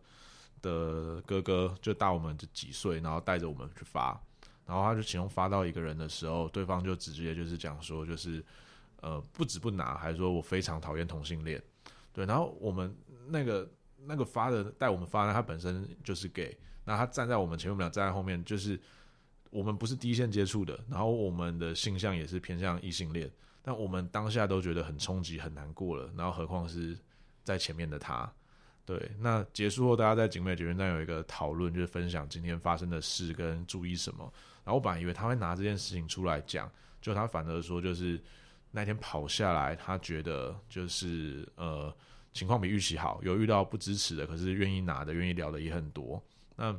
的哥哥，就大我們就幾歲，然後帶着我們去發，然後他就其中發到一個人的時候，對方就直接就是講說，就是呃不止不拿，還說我非常討厭同性戀。對，然後我們那個那個發的帶我們發的他本身就是 gay，那他站在我們前面，我們倆站在後面，就是我們不是第一線接觸的，然後我們的性向也是偏向異性戀。但我們當下都覺得很衝擊，很難過了。然後，何況是在前面的他，對。那結束後，大家在景美捷運站有一個討論，就是分享今天發生的事跟注意什麼。然後我本來以為他會拿這件事情出來講，就他反而說，就是那天跑下來，他覺得就是呃情況比預期好，有遇到不支持的，可是願意拿的、願意聊的也很多。那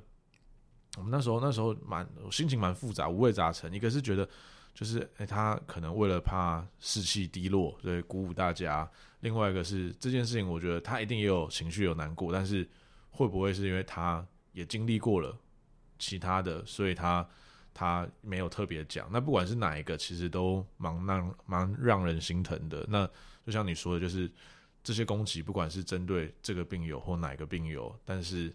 我們那時候那時候蠻心情蠻複雜，五味雜陳。一個是覺得。就是，哎，他可能為了怕士氣低落，所以鼓舞大家。另外一個是這件事情，我覺得他一定也有情緒有難過，但是會不會是因為他也經歷過了其他的，所以他他沒有特別講。那不管是哪一個，其實都蠻讓蠻讓人心疼的。那就像你說的，就是這些攻擊，不管是針對這個病友或哪個病友，但是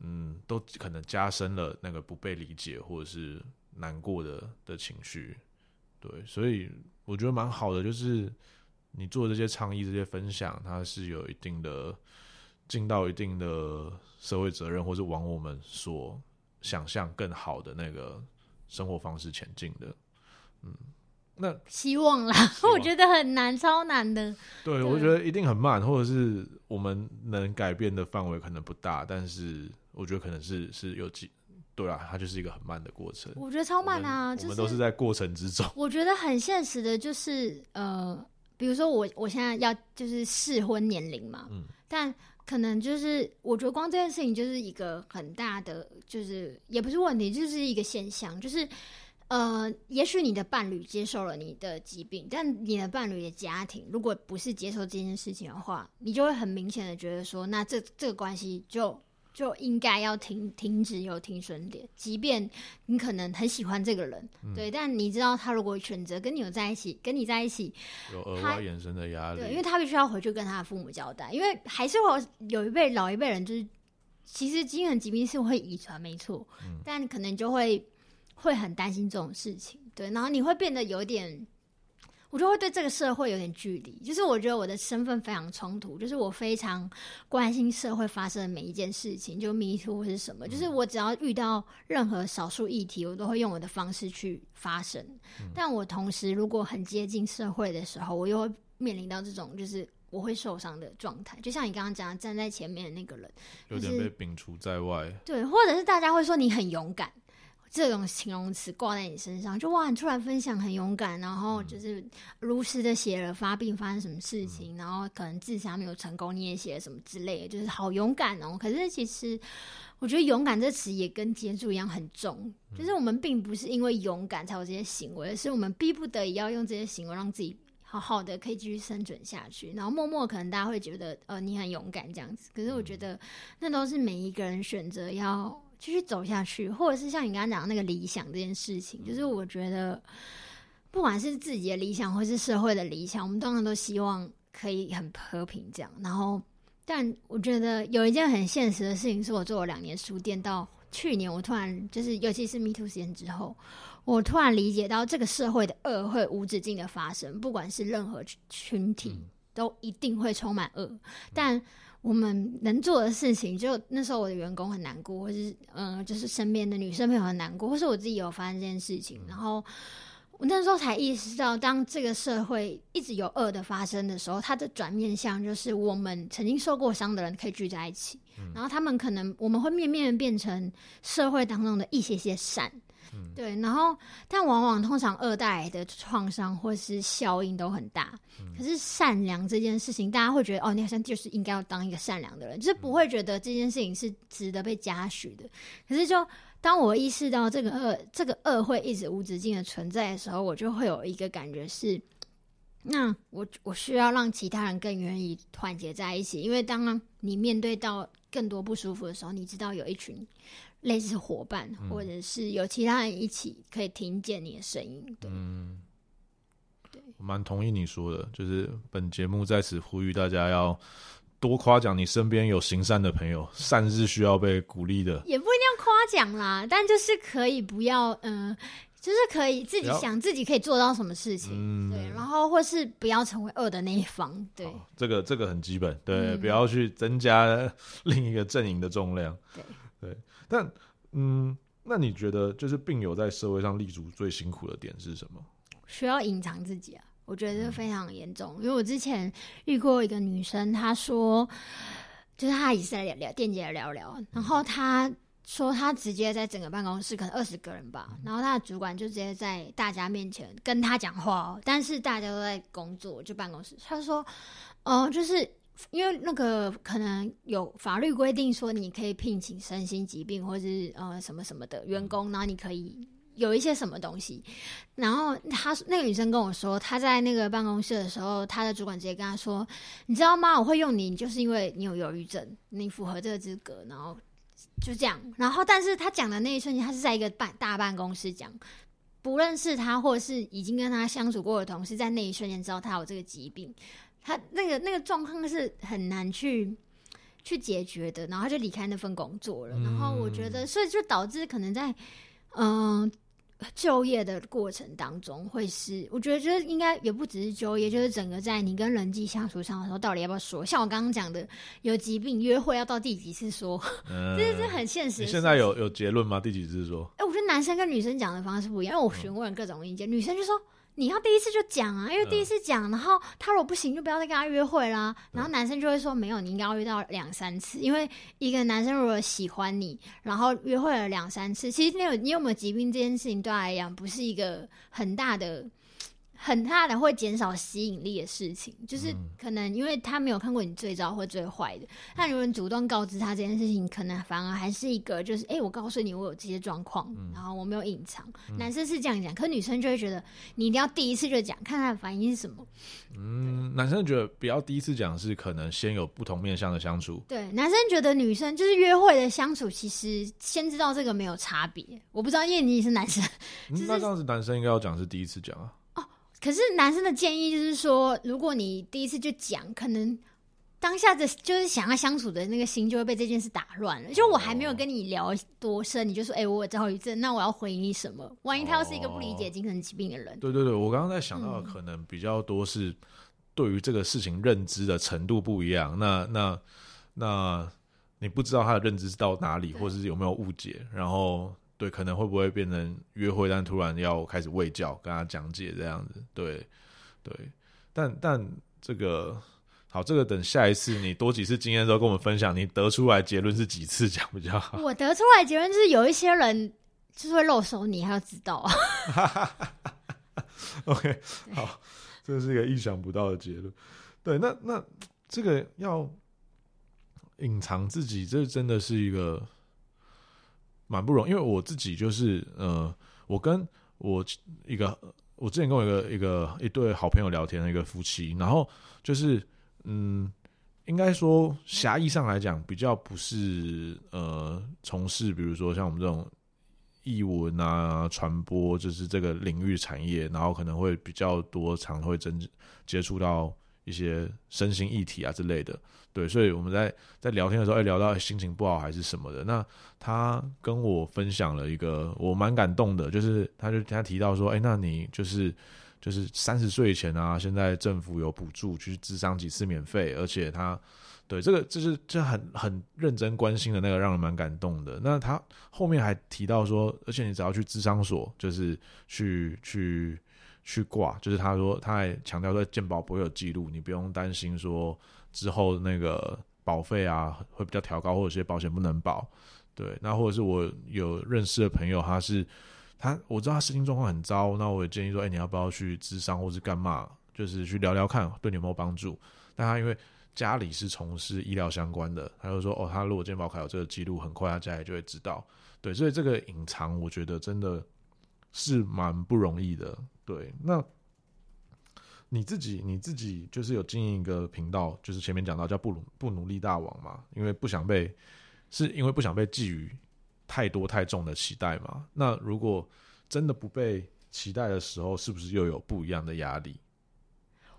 嗯，都可能加深了那個不被理解或者是。難過的的情緒，對，所以我覺得蠻好的，就是你做這些倡議、這些分享，它是有一定的盡到一定的社會責任，或是往我們所想象更好的那個生活方式前進的。嗯，那希望啦，希望我覺得很難，超難的。對，對我覺得一定很慢，或者是我們能改變的範圍可能不大，但是我覺得可能是是有幾。對啊，它就是一個很慢的過程。我覺得超慢啊，我們都是在過程之中。我覺得很現實的，就是呃，比如說我我現在要就是適婚年齡嘛，嗯，但可能就是我覺得光這件事情就是一個很大的，就是也不是問題，就是一個現象，就是呃，也許你的伴侶接受了你的疾病，但你的伴侶的家庭如果不是接受這件事情的話，你就會很明顯的覺得說，那這這個關係就。就應該要停停止，有停損點，即便你可能很喜歡這個人，嗯、對，但你知道他如果選擇跟你有在一起，跟你在一起，有額外衍生的壓力，對，因為他必須要回去跟他的父母交代，因為還是會有一輩老一輩人就是，其實精神疾病是會遺傳，沒錯、嗯，但可能就會會很擔心這種事情，對，然後你會變得有點。我就會對這個社會有點距離，就是我覺得我的身份非常衝突，就是我非常關心社會發生的每一件事情，就迷途或是什麼，嗯、就是我只要遇到任何少數議題，我都會用我的方式去發聲。嗯、但我同時，如果很接近社會的時候，我又會面臨到這種就是我會受傷的狀態，就像你剛剛講的，站在前面的那個人，就是、有點被摒除在外，對，或者是大家會說你很勇敢。這種形容詞掛在你身上，就哇，你突然分享很勇敢，然後就是如實的寫了發病發生什麼事情，然後可能自殺沒有成功，你也寫了什麼之類的，就是好勇敢哦。可是其實，我覺得勇敢這詞也跟結束一樣很重，就是我們並不是因為勇敢才有這些行為，是我們逼不得已要用這些行為讓自己好好的可以繼續生存下去。然後默默，可能大家會覺得呃你很勇敢這樣子，可是我覺得那都是每一個人選擇要。繼續走下去，或者是像你剛剛講的那個理想這件事情，嗯、就是我覺得，不管是自己的理想或是社會的理想，我們通常都希望可以很和平這樣。然後，但我覺得有一件很現實的事情，是我做了兩年書店，到去年我突然就是，尤其是 MeToo 時間之後，我突然理解到這個社會的惡會無止境的發生，不管是任何群體，嗯、都一定會充滿惡。但我們能做的事情，就那時候我的員工很難過，或是嗯、呃，就是身邊的女生朋友很難過，或是我自己有發生這件事情，嗯、然後我那時候才意識到，當這個社會一直有惡的發生的時候，它的轉面向就是我們曾經受過傷的人可以聚在一起，嗯、然後他們可能我們會面面變成社會當中的一些些善。嗯、對，然後但往往通常二代的創傷或是效應都很大。可是善良這件事情，大家會覺得哦，你好像就是應該要當一個善良的人，就是不會覺得這件事情是值得被嘉許的。可是就，就當我意識到這個惡，這個惡會一直無止境的存在的時候，我就會有一個感覺是：那我我需要讓其他人更願意團結在一起，因為當你面對到更多不舒服的時候，你知道有一群。類似夥伴，嗯、或者是有其他人一起可以聽見你的聲音，對，對、嗯，我蠻同意你說的，就是本節目在此呼籲大家要多誇獎你身邊有行善的朋友，善是需要被鼓勵的，也不一定要誇獎啦，但就是可以不要，嗯、呃，就是可以自己想自己可以做到什麼事情，嗯、對，然後或是不要成為惡的那一方，對，這個這個很基本，對，嗯、不要去增加另一個陣營的重量，對。但，嗯，那你覺得就是病友在社會上立足最辛苦的點是什麼？需要隱藏自己啊，我覺得這非常嚴重。嗯、因為我之前遇過一個女生，她說，就是她也是來聊聊店姐聊聊，嗯、然後她說她直接在整個辦公室，可能二十個人吧，嗯、然後她的主管就直接在大家面前跟她講話哦，但是大家都在工作，就辦公室。她說，哦、呃，就是。因為那個可能有法律規定說，你可以聘請身心疾病或者是呃什麼什麼的員工，然後你可以有一些什麼東西。然後他那個女生跟我說，她在那個辦公室的時候，她的主管直接跟她說：“你知道嗎？我會用你，就是因為你有憂鬱症，你符合這個資格。”然後就這樣。然後，但是他講的那一瞬間，他是在一個辦大辦公室講，不認識他或者是已經跟他相處過的同事，在那一瞬間知道他有這個疾病。他那個那個狀況是很難去去解決的，然後他就離開那份工作了。嗯、然後我覺得，所以就導致可能在嗯、呃、就業的過程當中，會是我覺得就是應該也不只是就業，就是整個在你跟人際相處上的時候，到底要不要說？像我剛剛講的，有疾病約會要到第幾次說？嗯、這是很現實。你現在有有結論嗎？第幾次說？哎、欸，我覺得男生跟女生講的方式不一樣。因為我詢問各種意見，嗯、女生就說。你要第一次就講啊，因為第一次講，嗯、然後他如果不行，就不要再跟他約會啦。嗯、然後男生就會說：“沒有，你應該要遇到兩三次，因為一個男生如果喜歡你，然後約會了兩三次，其實那有，你有沒有疾病這件事情對，對他來講不是一個很大的。”很大的會減少吸引力的事情，就是可能因為他沒有看過你最糟或最壞的，但如果你主動告知他這件事情，可能反而還是一個就是，哎、欸，我告訴你我有這些狀況，嗯、然後我沒有隱藏。嗯、男生是這樣講，可女生就會覺得你一定要第一次就講，看看他的反應是什麼？嗯，對男生覺得不要第一次講是可能先有不同面向的相處。對，男生覺得女生就是約會的相處，其實先知道這個沒有差別。我不知道，因為你也是男生、就是嗯，那當時男生應該要講是第一次講啊。可是男生的建議就是說，如果你第一次就講，可能當下的就是想要相處的那個心就會被這件事打亂了。就我還沒有跟你聊多深，哦、你就說：“哎、欸，我有焦慮症。”那我要回應你什麼？萬一他要是一個不理解精神疾病的人、哦？對對對，我剛剛在想到的可能比較多是對於這個事情認知的程度不一樣。嗯、那那那你不知道他的認知是到哪裡，嗯、或者是有沒有誤解，然後。對，可能會不會變成約會，但突然要開始衛教，跟他講解這樣子。對，對，但但這個好，這個等下一次你多幾次經驗之後，跟我們分享，你得出來結論是幾次講比較好？我得出來結論就是有一些人就是會露手你，你還要知道啊。 OK，好，這是一個意想不到的結論。對，那那這個要隱藏自己，這真的是一個。蠻不容易，因為我自己就是，呃，我跟我一個，我之前跟我一個一個一對好朋友聊天的一個夫妻，然後就是，嗯，應該說狹義上來講，比較不是呃從事，比如說像我們這種藝文啊、傳播，就是這個領域的產業，然後可能會比較多，常會真接觸到。一些身心議題啊之類的，對，所以我們在在聊天的時候，哎、欸，聊到心情不好還是什麼的，那他跟我分享了一個我蠻感動的，就是他就他提到說，哎、欸，那你就是就是三十歲以前啊，現在政府有補助去諮商幾次免費，而且他，對這個就是這很很認真關心的那個，讓人蠻感動的。那他後面還提到說，而且你只要去諮商所，就是去去。去掛，就是他說他還強調說，健保不會有記錄，你不用擔心說之後那個保費啊會比較調高，或者是保險不能保，對。那或者是我有認識的朋友他，他是他我知道他事情狀況很糟，那我也建議說，哎、欸，你要不要去諮商，或是幹嘛，就是去聊聊看，對你有沒有幫助。但他因為家裡是從事醫療相關的，他就說哦，他如果健保卡有這個記錄，很快他家裡就會知道，對。所以這個隱藏，我覺得真的是蠻不容易的。對，那你自己你自己就是有經營一個頻道，就是前面講到叫“不努不努力大王”嘛，因為不想被，是因為不想被寄予太多太重的期待嘛。那如果真的不被期待的時候，是不是又有不一樣的壓力？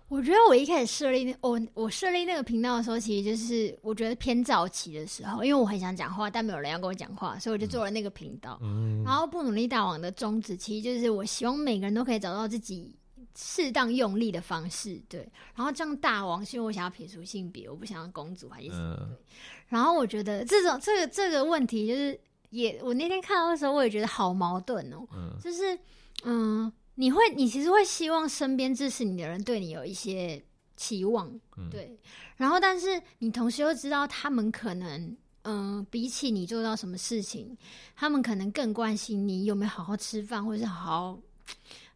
我覺得我一開始設立我我設立那個頻道的時候，其實就是我覺得偏早期的時候，因為我很想講話，但沒有人要跟我講話，所以我就做了那個頻道。嗯嗯、然後不努力大王的宗旨，其實就是我希望每個人都可以找到自己適當用力的方式，對。然後這樣大王，是因為我想要撇除性別，我不想要公主還是什麼、嗯。然後我覺得這種這個這個問題，就是也我那天看到的時候，我也覺得好矛盾哦、喔，嗯、就是嗯。你會，你其實會希望身邊支持你的人對你有一些期望，對。嗯、然後，但是你同時又知道，他們可能，嗯、呃，比起你做到什麼事情，他們可能更關心你有沒有好好吃飯，或者是好好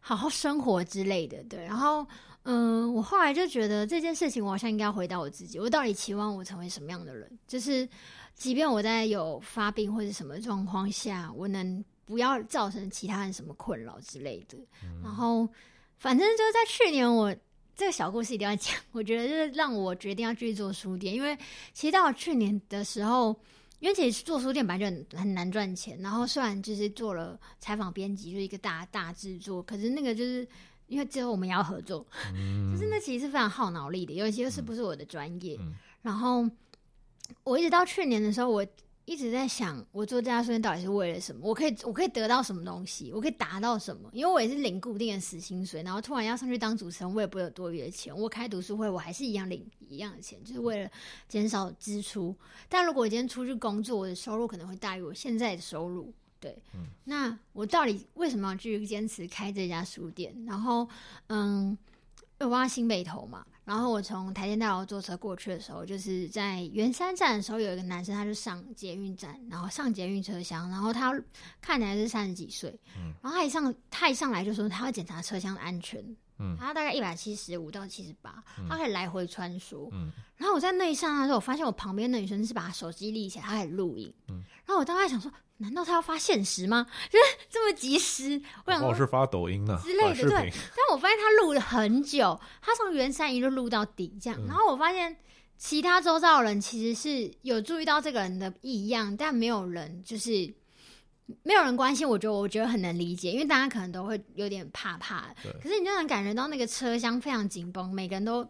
好好生活之類的，對。然後，嗯、呃，我後來就覺得這件事情，我好像應該要回答我自己，我到底期望我成為什麼樣的人？就是，即便我在有發病或者什麼狀況下，我能。不要造成其他人什麼困擾之類的。嗯、然後，反正就是在去年我，我這個小故事一定要講。我覺得就是讓我決定要繼續做書店，因為其實到了去年的時候，因為其實做書店本來就很，很難賺錢。然後雖然就是做了採訪編輯，就是一個大大制作，可是那個就是因為最後我們也要合作，就、嗯、是那其實是非常耗腦力的，有一些事不是我的專業。嗯嗯、然後我一直到去年的時候，我。一直在想，我做這家書店到底是為了什麼？我可以，我可以得到什麼東西？我可以達到什麼？因為我也是領固定的死薪水，然後突然要上去當主持人，我也不會有多餘的錢。我開讀書會，我還是一樣領一樣的錢，就是為了減少支出。但如果我今天出去工作，我的收入可能會大於我現在的收入。對，嗯、那我到底為什麼要繼續堅持開這家書店？然後，嗯，我挖新北投嘛？然後我從台電大樓坐車過去的時候，就是在圓山站的時候，有一個男生，他就上捷運站，然後上捷運車廂，然後他看起來是三十幾歲，嗯、然後他一上，他一上來就說他要檢查車廂的安全。他、嗯、大概一百七十五到七十八，他可以來回穿梭。嗯、然後我在那一剎那的時候，我發現我旁邊的女生是把手機立起來，她在錄影。嗯、然後我當時還想說，難道他要發限時嗎？就是這麼及時。我是、哦、發抖音的之類的，對。但我發現他錄了很久，他從圓山一路錄到底，這樣。嗯、然後我發現其他周遭的人其實是有注意到這個人的異樣，但沒有人就是。沒有人關心，我覺得我覺得很能理解，因為大家可能都會有點怕怕，對可是你就能感覺到那個車廂非常緊繃，每個人都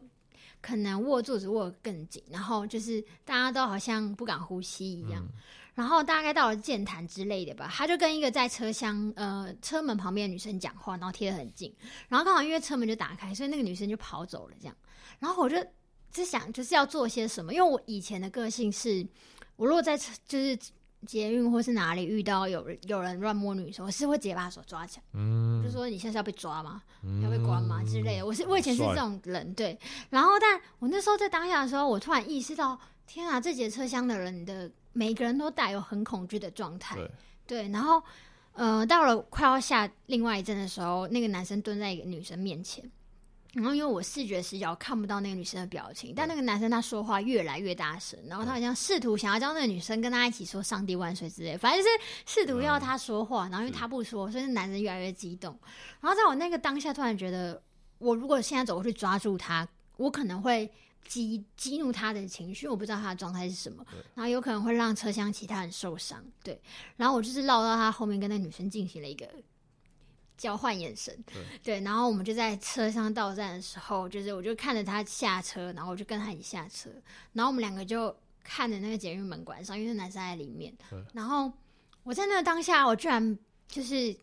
可能握柱子握得更緊，然後就是大家都好像不敢呼吸一樣。嗯、然後大概到了劍潭之類的吧，他就跟一個在車廂呃車門旁邊的女生講話，然後貼得很近。然後剛好因為車門就打開，所以那個女生就跑走了這樣。然後我就在想，就是要做些什麼，因為我以前的個性是，我如果在車就是。捷運或是哪裡遇到有人有人亂摸女生，我是會直接把手抓起來，嗯，就說，你現在是要被抓嗎？嗯、要被關嗎？之類的。我是我以前是這種人，帥對。然後，但我那時候在當下的時候，我突然意識到，天啊，這節車廂的人的每個人都帶有很恐懼的狀態，對，對。然後，呃，到了快要下另外一站的時候，那個男生蹲在一個女生面前。然後，因為我視覺死角看不到那個女生的表情，對但那個男生他說話越來越大聲，然後他好像試圖想要叫那個女生跟他一起說“上帝萬歲”之類的，反正是試圖要他說話。嗯、然後，因為他不說，是所以男生越來越激動。然後，在我那個當下，突然覺得，我如果現在走過去抓住他，我可能會激激怒他的情緒。我不知道他的狀態是什麼，對然後有可能會讓車廂其他人受傷。對，然後我就是繞到他後面，跟那女生進行了一個。交換眼神，對，對，然後我們就在車上到站的時候，就是我就看着他下車，然後我就跟他一起下車，然後我們兩個就看着那個捷運門關上，因為那男生在裡面。對。然後我在那個當下，我居然就是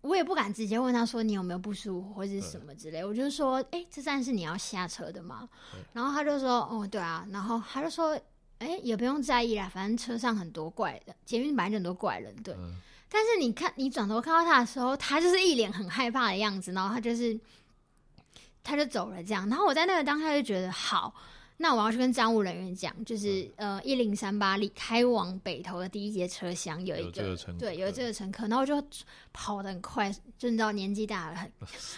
我也不敢直接問他說你有沒有不舒服或者什麼之類，對我就說：“哎、欸，這站是你要下車的嗎？”對然後他就說：“哦，對啊。”然後他就說：“哎、欸，也不用在意啦，反正車上很多怪人，捷運本來就很多怪人。”對。嗯但是你看，你轉頭看到他的時候，他就是一臉很害怕的樣子，然後他就是，他就走了這樣。然後我在那個當下就覺得好。那我要去跟站務人員講，就是呃一零三八里開往北投的第一節車廂有一個，有這個乘客對，有這個乘客，然後我就跑得很快，就知道年紀大了很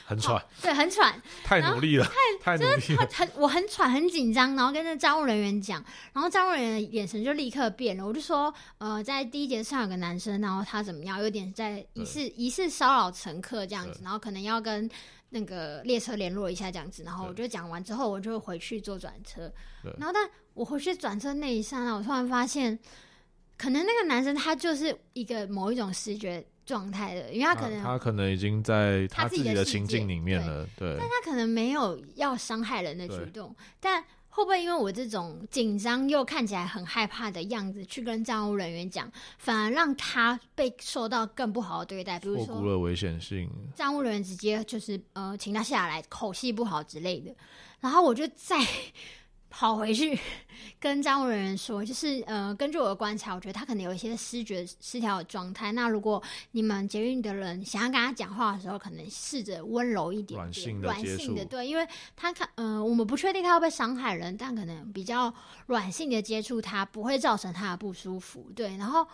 很喘，啊，對，很喘，太努力了，太太努力了，很我很喘很緊張，然後跟站務人員講，然後站務人員的眼神就立刻變了，我就說呃在第一節上有個男生，然後他怎麼樣，有點在疑似，嗯，疑似騷擾乘客這樣子，是然後可能要跟。那個列車聯絡一下這樣子，然後我就講完之後，我就回去坐轉車。對然後，但我回去轉車那一剎那，我突然發現，可能那個男生他就是一個某一種視覺狀態的，因為他可能他，他可能已經在他自己的情境裡面了，對。但他可能沒有要傷害人的舉動，對但。會不會因為我這種緊張又看起來很害怕的樣子，去跟站務人員講，反而讓他被受到更不好的對待？比如說，站務人員直接就是呃，請他下來，口氣不好之類的。然後我就在。跑回去跟站務人員說，就是呃，根據我的觀察，我覺得他可能有一些思覺失調的狀態。那如果你們捷運的人想要跟他講話的時候，可能試着溫柔一點點，軟性的接觸，軟性的，對，因為他看，嗯、呃，我們不確定他會不會傷害人，但可能比較軟性的接觸他不會造成他的不舒服。對，然後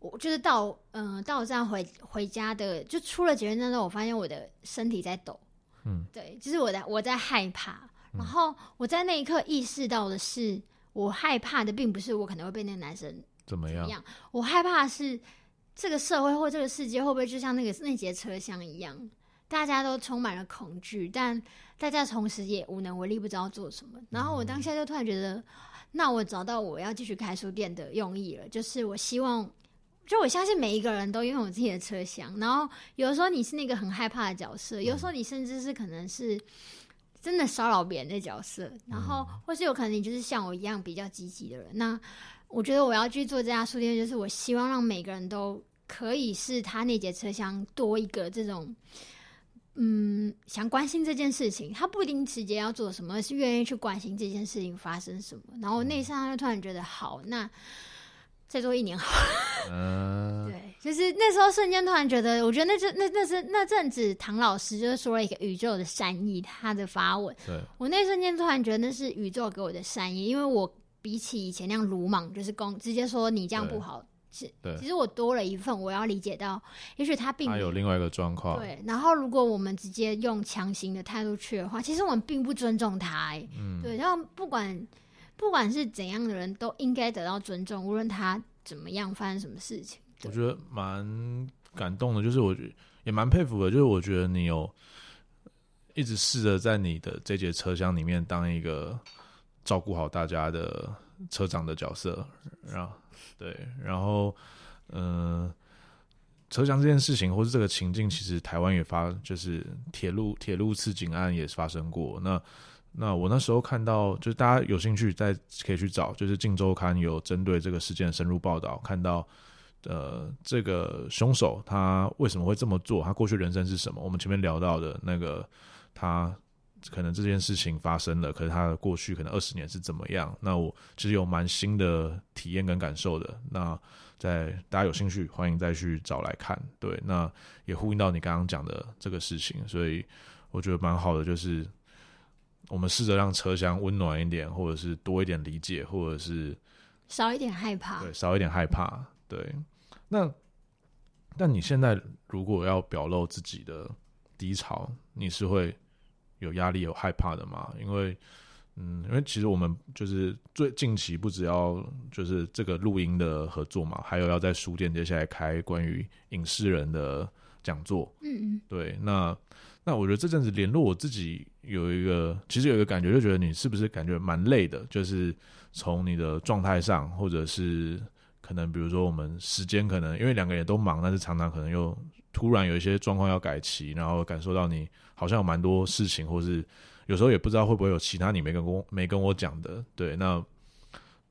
我就是到，嗯、呃，到站回回家的，就出了捷運站之後，我發現我的身體在抖，嗯，對，就是我在，我在害怕。然後我在那一刻意識到的是，我害怕的並不是我可能會被那個男生怎、怎麼樣，我害怕的是這個社會或這個世界會不會就像那個那節車廂一樣，大家都充滿了恐懼，但大家同時也無能為力，不知道做什麼。嗯、然後我當下就突然覺得，那我找到我要繼續開書店的用意了，就是我希望，就我相信每一個人都擁有自己的車廂。然後有的時候你是那個很害怕的角色，有時候你甚至是可能是，嗯真的騷擾別人的角色，然後或是有可能你就是像我一樣比較積極的人，嗯、那我覺得我要去做這家書店，就是我希望讓每個人都可以是他那節車廂多一個這種，嗯，想關心這件事情，他不一定直接要做什麼，而是願意去關心這件事情發生什麼，然後內心上那一剎那就突然覺得、嗯、好那。再做一年好，呃、 對，就是那時候瞬間突然覺得，我覺得那陣那那是那陣子唐老師就是說了一個宇宙的善意，他的發文，對，我那一瞬間突然覺得那是宇宙給我的善意，因為我比起以前那樣魯莽，就是講直接說你這樣不好，其實對其實我多了一份我要理解到，也許他並沒有，他有另外一個狀況，對，然後如果我們直接用強行的態度去的話，其實我們並不尊重他，欸，哎、嗯，對，然後不管，不管是怎樣的人都應該得到尊重，無論他怎麼樣發生什麼事情。我覺得蠻感動的，就是我覺得也蠻佩服的，就是我覺得你有一直試着在你的這節車廂裡面當一個照顧好大家的車長的角色。嗯、然後對，然後嗯、呃，車廂這件事情或是這個情境，其實台灣也發，就是鐵路鐵路刺警案也發生過。那那我那時候看到，就是大家有興趣再可以去找，就是《鏡週刊》有針對這個事件的深入報道，看到，呃，這個兇手他為什麼會這麼做？他過去人生是什麼？我們前面聊到的那個，他可能這件事情發生了，可是他的過去可能二十年是怎麼樣？那我其實有蠻新的體驗跟感受的。那在大家有興趣，歡迎再去找來看。對，那也呼應到你剛剛講的這個事情，所以我覺得蠻好的，就是。我們試着讓車廂溫暖一點，或者是多一點理解，或者是少一點害怕。對，少一點害怕。嗯、對，那，但你現在如果要表露自己的低潮，你是會有壓力、有害怕的嗎？因為，嗯，因為其實我們就是最近期不只要就是這個錄音的合作嘛，還有要在書店接下來開關於影視人的講座。嗯嗯，對，那。那我覺得這陣子聯絡我自己有一個，其實有一個感覺，就覺得你是不是感覺蠻累的？就是從你的狀態上，或者是可能，比如說我們時間可能因為兩個人都忙，但是常常可能又突然有一些狀況要改期，然後感受到你好像有蠻多事情，或是有時候也不知道會不會有其他你沒跟我沒跟我講的。對，那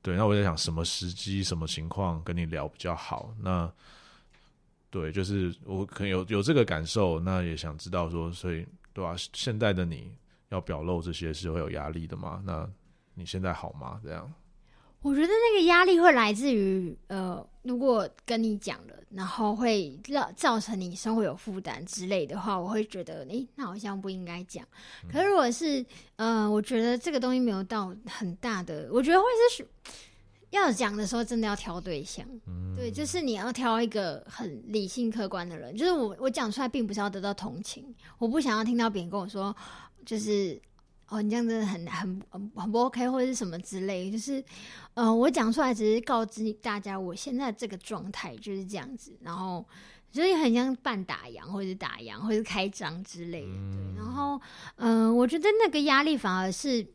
對，那我在想什麼時機、什麼情況跟你聊比較好？那。對，就是我可能有有這個感受，那也想知道說，所以對啊，現在的你要表露這些是會有壓力的嗎？那你現在好嗎？這樣，我覺得那個壓力會來自於，呃，如果跟你講了，然後會造造成你生活有負擔之類的話，我會覺得，哎，那好像不應該講。可是如果是，嗯、呃，我覺得這個東西沒有到很大的，我覺得會是。要講的時候，真的要挑對象，嗯、對，就是你要挑一個很理性客觀的人。就是我，我講出來並不是要得到同情，我不想要聽到別人跟我說，就是、嗯、哦，你這樣真的很很很不 OK 或者是什麼之類。就是，呃，我講出來只是告知大家，我現在這個狀態就是這樣子。然後，所以很像半打烊或者打烊或者開張之類的。對，嗯、然後，嗯、呃，我覺得那個壓力反而是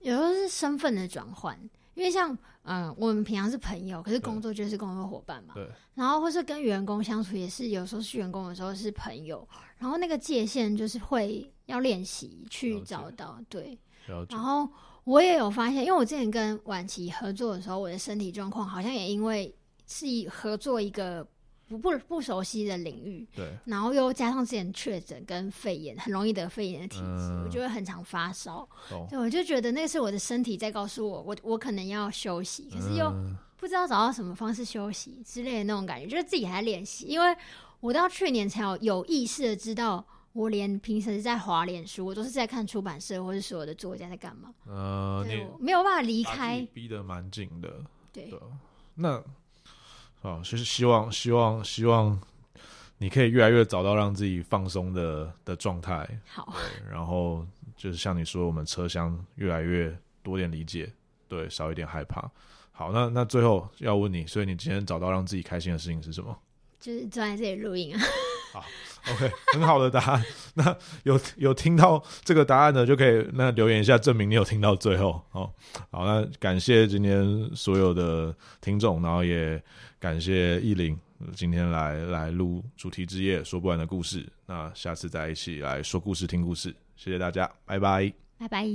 有時候是身份的轉換。因為像，嗯，我們平常是朋友，可是工作就是工作夥伴嘛。對。對。然後，或是跟員工相處，也是有時候是員工，有時候是朋友。然後那個界限就是會要練習去找到，了解，對。了解。然後我也有發現，因為我之前跟晚期合作的時候，我的身體狀況好像也因為是合作一個。不不不熟悉的領域，對，然後又加上之前確診跟肺炎，很容易得肺炎的體質，我、嗯、就會很常發燒，哦、對我就覺得那是我的身體在告訴我，我我可能要休息，可是又不知道找到什麼方式休息之類的那種感覺，嗯、就是自己還在練習，因為我到去年才有有意識的知道，我連平時在滑臉書，我都是在看出版社或是所有的作家在幹嘛，呃，沒有沒有辦法離開，逼得蠻緊的，對，對那。好，就是希望，希望，希望，你可以越來越找到讓自己放鬆的的狀態。好，對，然後就是像你說，我們車廂越來越多點理解，對，少一點害怕。好，那那最後要問你，所以你今天找到讓自己開心的事情是什麼？就是坐在這裡錄音啊。好。好，OK，很好的答案。 那有有聽到這個答案的，就可以那留言一下，證明你有聽到最後。哦，好，那感謝今天所有的聽眾，然後也。感謝億玲今天來來錄《主題之夜》，說不完的故事。那下次再一起來說故事、聽故事。謝謝大家，拜拜，拜拜。